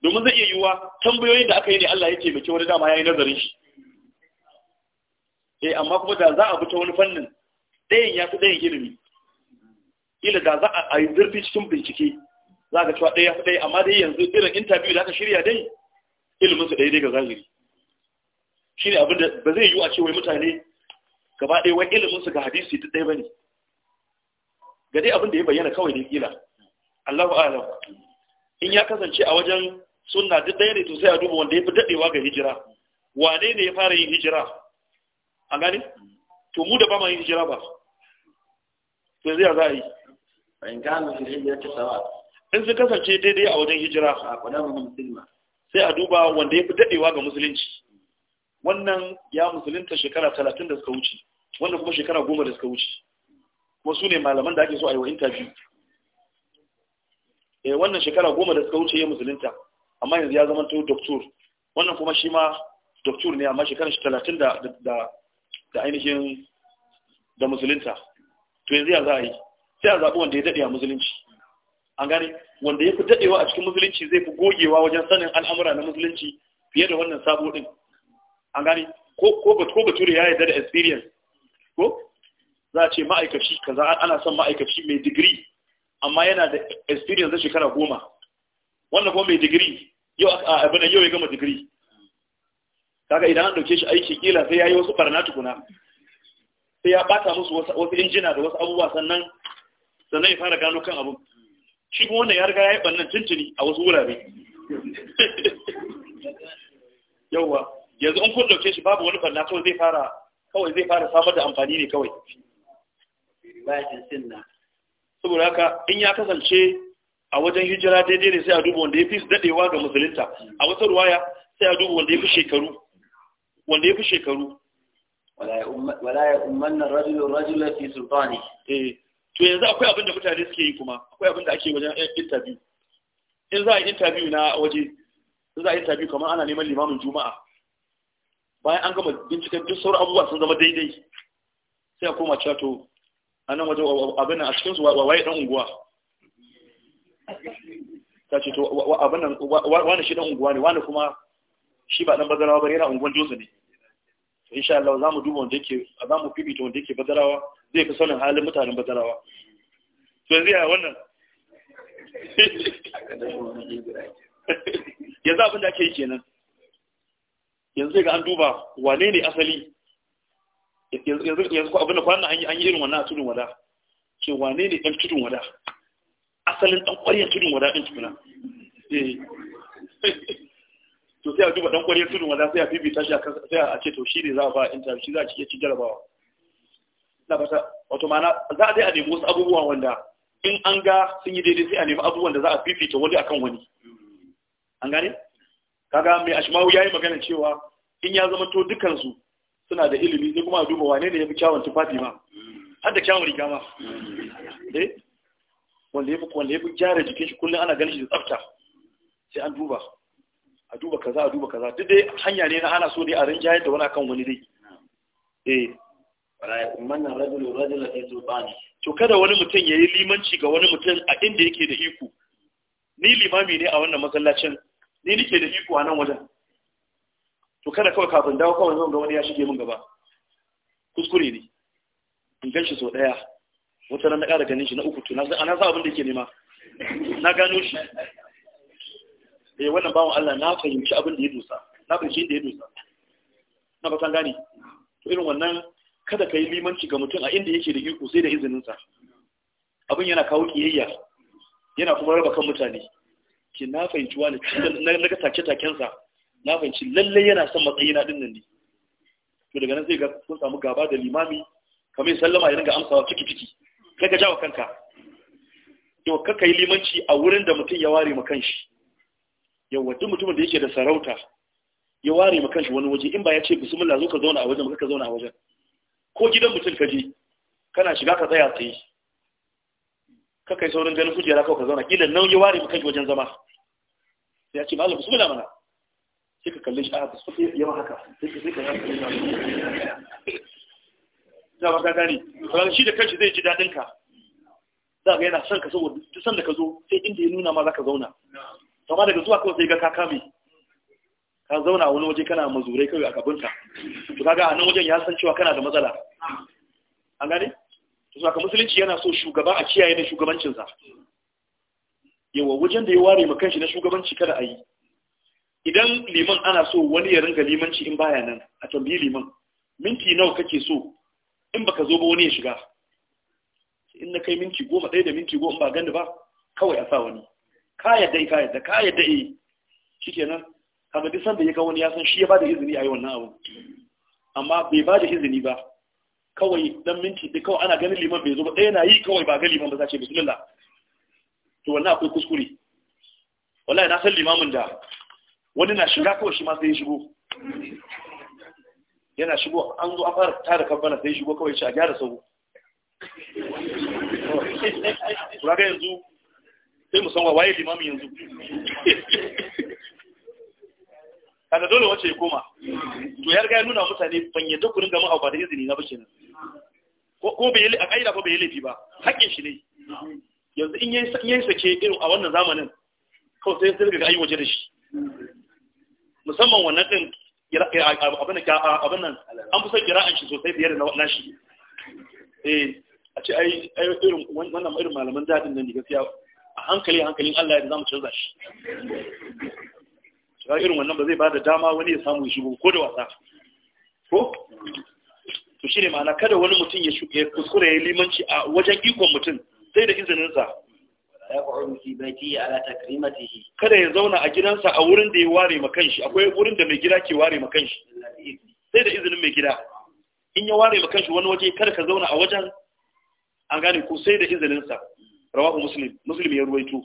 domin zai iya yiwuwa tambayoyin da aka yi ne Allah ya mace wani dama ya yi nazarin shi eh amma kuma da za a bi ta wani fannin ɗayan ya fi ɗayan ilimi ila da za a yi zurfi cikin bincike za ka cewa ɗaya fi ɗaya amma dai yanzu irin interview da aka shirya dai ilimin su dai dai ga zahiri shi ne abin da ba zai yiwu a ce wai mutane gaba ɗaya wai ilimin su ga hadisi duk ɗaya ba ne ga dai abin da ya bayyana kawai ne kila Allahu alam in ya kasance a wajen sunna duk ɗaya ne to sai a duba wanda ya fi daɗewa ga hijira wane ne ya fara yin hijira A gani! to mu da ba ma yin hijira ba to zai za a yi in sun kasance daidai a wajen hijira sai a duba wanda ya fi daɗewa ga musulunci wannan ya musulunta shekara talatin da suka wuce wannan kuma shekara goma da suka wuce kuma su ne malaman da ake so a yi wa intabiyu Eh, wannan shekara goma da suka wuce ya musulunta amma yanzu ya zama to doktor wannan kuma shi ma doktor ne amma shekara shi talatin da da ainihin da musulunta to yanzu ya za a yi sai a zaɓi wanda ya daɗe a musulunci an gane wanda ya fi daɗewa a cikin musulunci zai fi gogewa wajen sanin al'amura na musulunci fiye da wannan sabo din an gane ko bature ya yarda da experience ko za a ce ma'aikaci kaza ana son ma'aikaci mai digiri amma yana da experience na shekara goma wannan kuma mai digiri yau abin da yau ya gama digiri kaga idan an dauke shi aiki kila sai ya yi wasu barna tukuna sai ya bata musu wasu injina da wasu abubuwa sannan sannan ya fara gano kan abu shi kuma wannan ya riga ya yi bannan tuntuni a wasu wurare yauwa yanzu an kun dauke shi babu wani banna kawai zai fara kawai zai fara samar da amfani ne kawai saboda haka in ya kasance a wajen hijira daidai ne sai a duba wanda ya fi daɗewa ga musulunta a wata ruwaya sai a duba wanda ya fi shekaru wanda ya fi shekaru wala ya ummanna rajulun rajulun fi sultani eh to yanzu akwai abin da mutane suke yi kuma akwai abin da ake wajen eh, interview in za a yi interview na waje in za a yi interview kamar ana neman limamin juma'a bayan an gama binciken duk sauran abubuwa sun zama daidai sai a koma cewa to a nan waje abin a cikinsu waye ɗan unguwa ta ce to abin nan wani shi ɗan unguwa ne wani kuma shi ba ɗan bazarawa ba yana unguwan jozu ne to insha Allah za mu duba wanda yake za mu fifita wanda yake bazarawa zai fi sanin halin mutanen bazarawa to yanzu ya wannan yanzu abin da ake yi kenan yanzu ga an duba wane ne asali yanzu ko abinda kwanan an yi an yi irin wannan a tudun wada ce wane ne ɗan tudun wada asalin ɗan ƙwaryar tudun wada ɗin tukuna eh. to sai a duba ɗan ƙwaryar tudun wada sai a bibita shi sai a ce to shi ne za a ba interview shi za a ci jarabawa na fata wato mana za a dai a nemi wasu abubuwa wanda in an ga sun yi daidai sai a nemi abubuwan da za a fifita wani akan wani an gane kaga mai ashmawu yayi magana cewa in ya zama to dukansu suna da ilimi sai kuma a duba wane ne ya fi kyawun tufafi ma har da kyawun riga ma eh? wanda ya fi ya fi gyara jikin shi kullum ana ganin shi da tsafta sai an duba a duba kaza a duba kaza duk dai hanya ne na ana so dai a rinjayar da wani akan wani dai eh to kada wani mutum ya yi limanci ga wani mutum a inda yake da iko ni limami ne a wannan masallacin ni nike da iko a nan wajen to kada kawai kafin dawo kawai zan ga wani ya shige min gaba kuskure ne in ganshi so sau ɗaya wata ran na ƙara ganin shi na uku tuna ana sa abin da ke nema na gano shi eh wannan bawan Allah na fahimci abin da ya dosa na fahimci inda ya dosa na ba san gani to irin wannan kada ka yi limanci ga mutum a inda yake da iko sai da izininsa abin yana kawo kiyayya yana kuma raba kan mutane ki na fahimci wani na ga take-takensa na fahimci lallai yana son matsayi na nan ne to daga nan sai ga sun samu gaba da limami kamar sallama ya ringa amsawa ciki ciki kai ka jawo kanka yau ka kai limanci a wurin da mutum ya ware makan shi yau duk mutumin da yake da sarauta ya ware makan shi wani waje in ba ya ce bismillah zo ka zauna a wajen ka zauna a wajen ko gidan mutum ka je kana shiga ka tsaya tsaye kakai saurin ganin kujera kawai ka zauna kila nan ya ware makan shi wajen zama sai ya ce malam bismillah mana sai ka kalli shi a ah, ba su yawa haka sai ka sai ka yawa da ba ka gane ran shi da kanshi zai ji daɗin ka za ga yana son ka saboda duk san da ka zo sai inda ya nuna ma za ka zauna to daga zuwa kawai sai ga ka kame ka zauna a wani waje kana mazurai kawai a gabanka to kaga a nan wajen ya san cewa kana da matsala an gane to saka musulunci yana so shugaba a kiyaye na shugabancinsa yawa wajen da ya ware ma kanshi na shugabanci kada a yi idan liman ana so wani ya ringa limanci in baya nan a tambayi liman minti nawa kake so in baka zo ba wani ya shiga in na kai minti goma ɗaya da minti goma ba ganda ba kawai a sa wani ka yadda ka yadda ka yadda eh kenan kaga duk sanda ya ga wani ya san shi ya bada izini a yi wannan abu amma bai bada izini ba kawai dan minti da kawai ana ganin liman bai zo ba ɗaya na yi kawai ba ga liman ba za ce bismillah to wannan akwai kuskure wallahi na san limamin da wani na shiga kawai shi ma sai shigo yana shigo an zo a fara tara kamfana sai shigo kawai a gyara sau raga yanzu sai musamman waye limami yanzu kada dole wacce ya koma to ya riga ya nuna mutane ban yadda ku ga ma'a ba da izini na ba kenan ko bai yi a ƙa'ida ko bai yi laifi ba haƙƙin shi ne yanzu in yayi sake irin a wannan zamanin kawai sai sai ga ayi waje da shi musamman wannan din abin nan an fi son kira'an shi sosai fiye da na shi eh a ce ai irin wannan irin malaman dadin nan ne gaskiya a hankali hankalin Allah ya zamu canza shi shi irin wannan ba zai bada dama wani ya samu shi ko da wasa ko to shine ma'ana kada wani mutum ya kuskure ya limanci a wajen ikon mutum sai da izinin sa kada ya zauna a gidansa a wurin da ya ware ma akwai wurin da mai gida ke ware ma sai da izinin mai gida in ya ware ma wani waje kada ka zauna a wajen an gane ko sai da izininsa rawahu muslim muslim ya ruwaito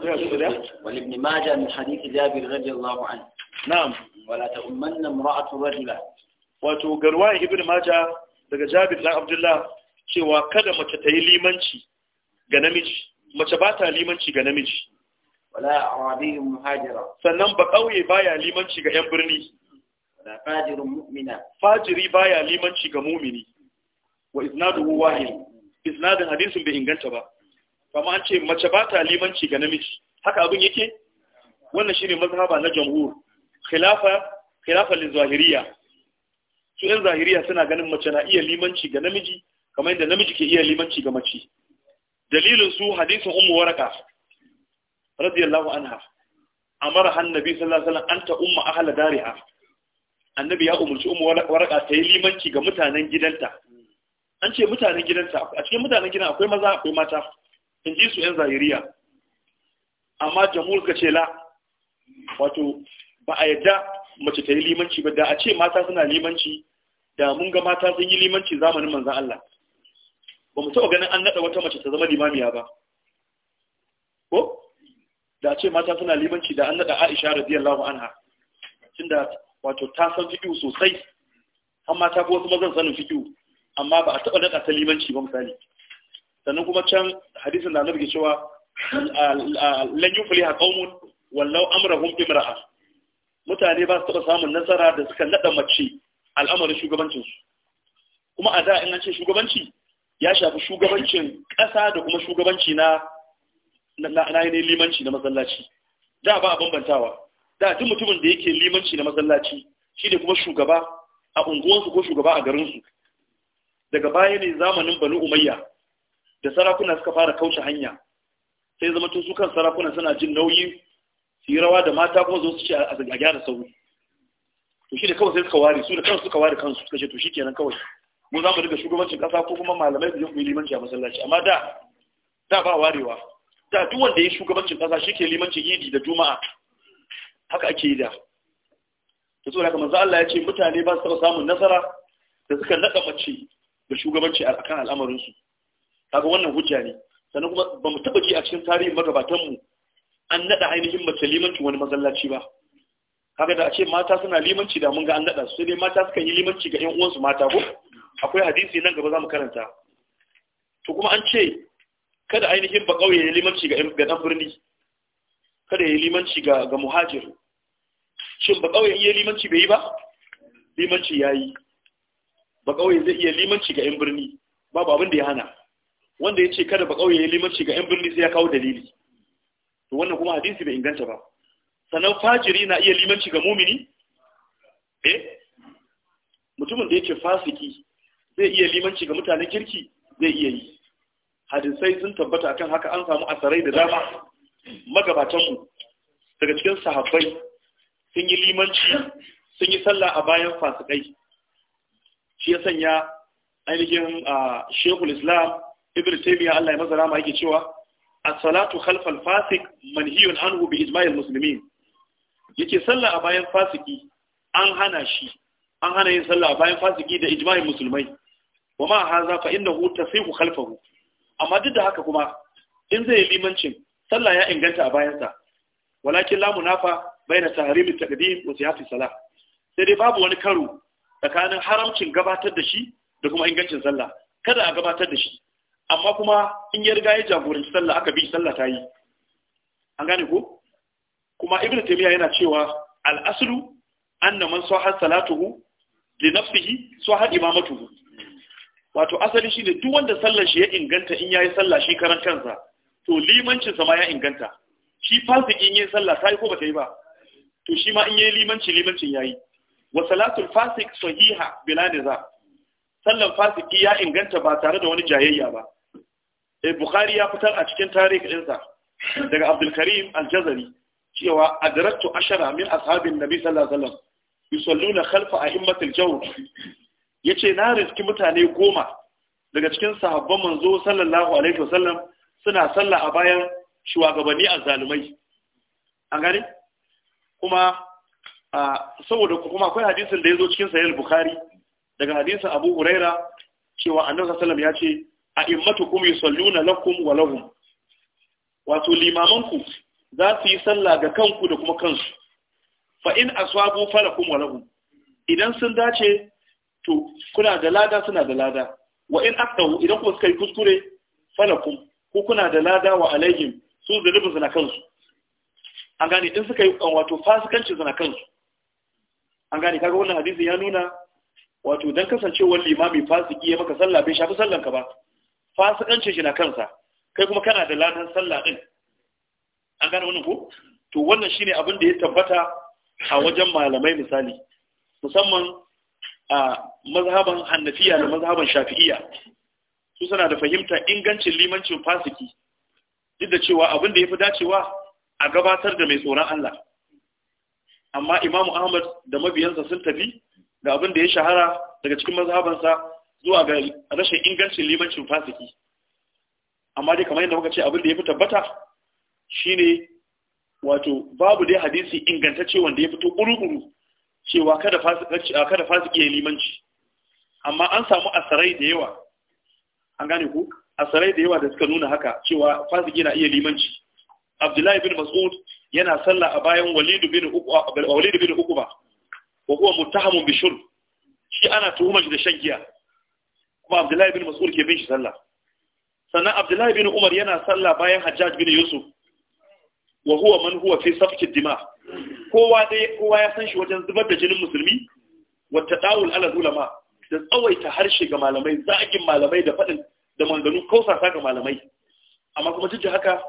ولابن ماجه من حديث جابر رضي الله عنه نعم ولا تؤمن امرأة رجلا wato garwaye ibn maja daga jabir dan abdullah cewa kada mace ta yi limanci ga namiji mace ba ta limanci ga namiji wala arabiyyu muhajira sannan ba kauye baya limanci ga yan birni wala fajirun mu'mina fajiri baya limanci ga mu'mini wa isnaduhu wahid isnadin hadisin bai inganta ba kuma an ce mace ba ta limanci ga namiji haka abin yake wannan shine mazhaba na jamhur khilafa khilafa lizahiriyya su yan zahiriya suna ganin mace na iya limanci ga namiji kamar yadda namiji ke iya limanci ga mace dalilin su hadisin ummu waraka radiyallahu anha amara nabi sallallahu alaihi wasallam anta ummu ahl dariha annabi ya umurci ummu waraka ta yi limanci ga mutanen gidanta an ce mutanen gidanta a cikin mutanen gidan akwai maza akwai mata in ji su yan zahiriya amma jamhur ka ce la wato ba a yadda mace ta yi limanci ba da a ce mata suna limanci da mun ga mata sun yi limanci zamanin manzan Allah ba mu taɓa ganin an naɗa wata mace ta zama limamiya ba ko da ce mata suna limanci da an naɗa Aisha radiyallahu anha tunda wato ta san fiƙiu sosai an mata ko wasu mazan sanin fiƙiu amma ba a taɓa naɗa ta limanci ba misali sannan kuma can hadisin da annabi ke cewa lan yufliha qaumun wallau amrahum imra'a mutane ba su taɓa samun nasara da suka naɗa mace al'amarin shugabancinsu kuma a da in an ce shugabanci ya shafi shugabancin ƙasa da kuma shugabanci na limanci na masallaci da ba a bambantawa da duk mutumin da yake limanci na masallaci shi ne kuma shugaba a unguwansu ko shugaba a garinsu daga baya ne zamanin banu umayya da sarakuna suka fara kauce hanya sai zama tun su kan sarakuna suna jin nauyi su yi rawa da mata kuma zo su ce a gyara sauri to shi da kawai sai suka ware su da kansu suka ware kansu suka ce to shi kenan kawai mu za mu riga shugabancin kasa ko kuma malamai su yi limanci a masallaci amma da da ba warewa da duk wanda ya shugabancin kasa shi ke limancin yidi da juma'a haka ake yi da ta tsoron kamar Allah ya ce mutane ba su taɓa samun nasara da suka naɗa mace da shugabanci a kan al'amarinsu kaga wannan hujja ne sannan kuma ba mu taɓa ji a cikin tarihin magabatanmu an naɗa ainihin mace limancin wani masallaci ba haka da a ce mata suna limanci da mun ga an daɗa su dai mata suka yi limanci ga ƴan uwansu mata ko akwai hadisi nan gaba za mu karanta to kuma an ce kada ainihin ba ƙauye ya limanci ga ɗan birni kada ya limanci ga ga muhajir shin ba ƙauye yi limanci bai yi ba limanci ya yi ba ƙauye zai iya limanci ga 'yan birni babu abin da ya hana wanda ya ce kada ba ƙauye ya limanci ga 'yan birni sai ya kawo dalili to wannan kuma hadisi bai inganta ba sannan fajiri na iya limanci ga mumini eh mutumin da yake fasiki zai iya limanci ga mutanen kirki zai iya yi hadisai sun tabbata akan haka an samu asarai da dama magabatanmu daga cikin sahabbai sun yi limanci sun yi sallah a bayan fasikai shi ya sanya ainihin a shekul islam ibn taymiya Allah ya mazara ma yake cewa as-salatu khalfal fasik manhiyun anhu bi ijma'il musulmi. yake sallah a bayan fasiki an hana shi an hana yin sallah a bayan fasiki da ijma'in musulmai wa ma haza fa innahu tasihu khalfahu amma duk da haka kuma in zai limancin sallah ya inganta a bayansa walakin la munafa baina tahrimi taqdim wa sihhati salah sai dai babu wani karo tsakanin haramcin gabatar da shi da kuma ingancin sallah kada a gabatar da shi amma kuma in ya riga ya jagoranci sallah aka bi sallah ta yi an gane ko kuma ibnu taymiya yana cewa al-aslu anna man sahha salatuhu li nafsihi sahha imamatuhu wato asali shine duk wanda sallar shi ya inganta in yayi sallah shi karan kansa to limancin sa ma ya inganta shi fasiki in yayi sallah sai ko bata yi ba to shi ma in yayi limanci limancin yayi wa salatul fasik sahiha bila niza sallan fasiki ya inganta ba tare da wani jayayya ba eh bukhari ya fitar a cikin tarihi ɗinsa daga abdul karim al-jazari cewa adraktu ashara min ashabin nabi sallallahu alaihi wasallam yusalluna khalfa a'immatil jawr yace na riski mutane goma daga cikin sahabban manzo sallallahu alaihi wasallam suna salla a bayan shugabanni azzalumai an gane kuma saboda kuma akwai hadisin da yazo cikin sahih bukhari daga hadisin abu huraira cewa annabi sallallahu alaihi wasallam yace a'immatukum yusalluna lakum wa lahum wato limamanku za su yi sallah ga kanku da kuma kansu fa in aswabu falakum wa lahum idan sun dace to kuna da lada suna da lada wa in aqtahu idan kuma suka yi kuskure falakum ko kuna da lada wa alaihim su zunubin suna kansu an gane in suka yi uh, wato fasikanci suna kansu an gane kaga wannan hadisi ya nuna wato dan kasancewar limami fasiki ya maka sallah bai shafi sallanka ba fasikancin shi na kansa kai kuma kana da ladan sallah din an gane wannan ko to wannan shine abin da ya tabbata a wajen malamai misali musamman a mazhaban hannafiya da mazhaban shafi'iya su suna da fahimta ingancin limancin fasiki duk da cewa abin da ya fi dacewa a gabatar da mai tsoron Allah amma imamu ahmad da mabiyansa sun tafi da abin da ya shahara daga cikin mazhabansa zuwa ga rashin ingancin limancin fasiki amma dai kamar yadda muka ce abin da ya fi tabbata shine wato babu dai hadisi ingantacce wanda ya fito ƙuru-ƙuru cewa kada fasiki ya limanci amma an samu asarai da yawa an gane ku asarai da yawa da suka nuna haka cewa fasiki na iya limanci abdullahi bin mas'ud yana sallah a bayan walidu bin uku ba wa kuwa mutahamun bishir shi ana tuhumar shi da shan giya kuma abdullahi bin mas'ud ke bin shi sallah sannan abdullahi bin umar yana sallah bayan hajjaj bin yusuf wa huwa man huwa fi safki dima kowa dai kowa ya san shi wajen zubar da jinin musulmi wa tadawul ala ulama da tsawaita harshe ga malamai zagin malamai da fadin da manganu kausasa ga malamai amma kuma duk da haka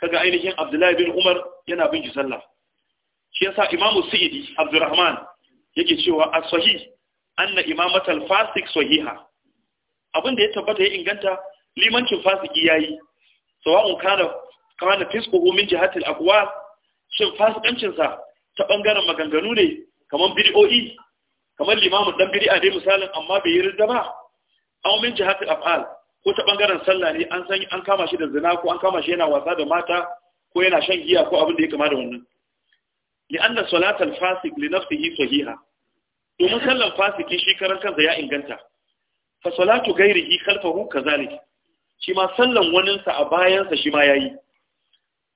kaga ainihin Abdullahi bin Umar yana bin shi sallah shi yasa Imam Sa'idi Abdurrahman yake cewa as-sahih anna imamatal fasik sahiha abin da ya tabbata ya inganta limancin fasiki yayi sawa'un kana Kawai fisquhu min jihati al-aqwal shin fasikancinsa ta bangaren maganganu ne kaman bid'o'i Kamar limamin ɗan biri'a dai misalin amma bai yi ridda ba aw min afal ko ta bangaren sallah ne an san an kama shi da zina ko an kama shi yana wasa da mata ko yana shan giya ko abin da ya kama da wannan li'anna salatal fasik li nafsihi sahiha domin sallan fasiki shi karan kansa ya inganta fa salatu ghairihi khalfahu kazalik shi ma sallan waninsa a bayansa shi ma yayi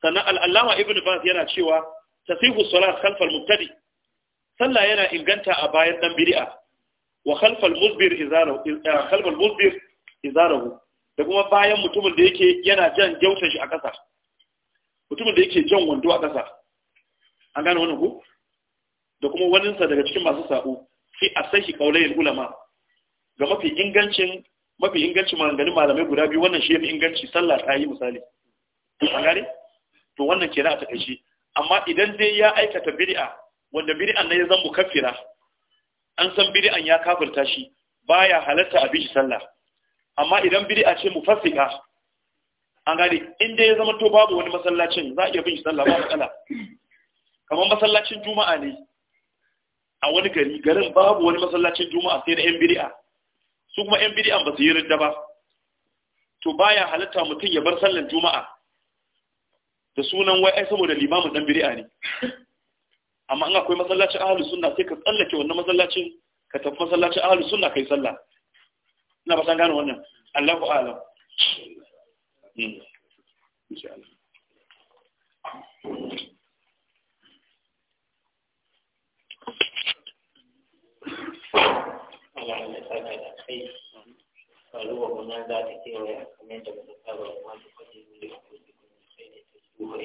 sannan al'allama ibn baz yana cewa tasihu salat khalfal mubtadi sallah yana inganta a bayan dan bid'a wa khalfal musbir in eh, khalfal da kuma bayan mutumin da yake yana jan gyautar shi a ƙasa mutumin da yake jan wando a ƙasa an gane wannan ku da kuma waninsa daga cikin masu sa'u fi a shi kaulayin ulama ga mafi ingancin mafi ingancin maganganun malamai guda biyu wannan shi ya fi inganci sallah ta yi misali an gane to wannan kenan a takaici amma idan dai ya aikata bid'a wanda bid'an ne ya zama kafira an san bid'an ya kafirta shi baya halatta a bishi sallah amma idan bid'a ce mufassika an gane in dai ya zama to babu wani masallacin za a iya bin shi sallah ba matsala kamar masallacin juma'a ne a wani gari garin babu wani masallacin juma'a sai da yan bid'a su kuma yan bid'a ba su yi ridda ba to baya halatta mutum ya bar sallar juma'a da sunan wai ai saboda limamin dan bid'a ne amma in akwai masallacin ahlus sunna sai ka tsallake wannan masallacin ka tafi masallacin ahlus sunna kai sallah ina ba san gane wannan Allahu a'lam Allah ya saka da kai, faruwa wannan za ta kewaye kamar da ba ta saba da wani kwaje ne kuma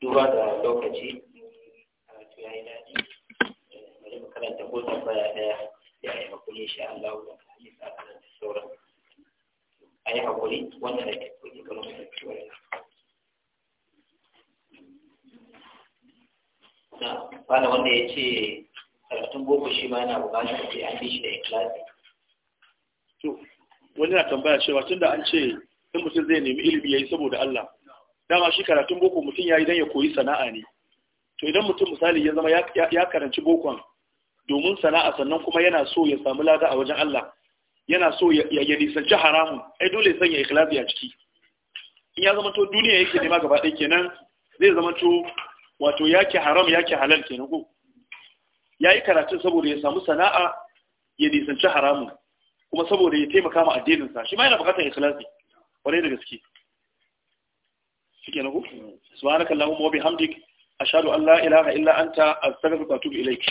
duba da lokaci karatu ya yi daɗi bari makaranta karanta ko tambaya ɗaya ya yi hakuri insha Allah a hadisa da sauran a yi hakuri wannan da ke kuɗi kamar da ke bana wanda ya ce karatun boko shi ma yana bukatar ce an bi shi da ikilasi to wani na tambaya cewa tun da an ce in mutum zai nemi ilimi ya yi saboda Allah dama shi karatun boko mutum ya yi don ya koyi sana'a ne to idan mutum misali ya zama ya karanci bokon domin sana'a sannan kuma yana so ya samu lada a wajen Allah yana so ya nisanci haramun ai dole ya sanya ikilasi a ciki in ya zama to duniya yake nema gaba ɗaya kenan zai zama to wato yake haram yake halal kenan ko ya yi karatun saboda ya samu sana'a ya nisanci haramun kuma saboda ya taimaka ma addininsa shi ma yana bukatar ikhlasi kwarai da gaske shike na ku subhanaka allahumma wa bihamdik ashhadu an la ilaha illa anta astaghfiruka wa atubu ilaik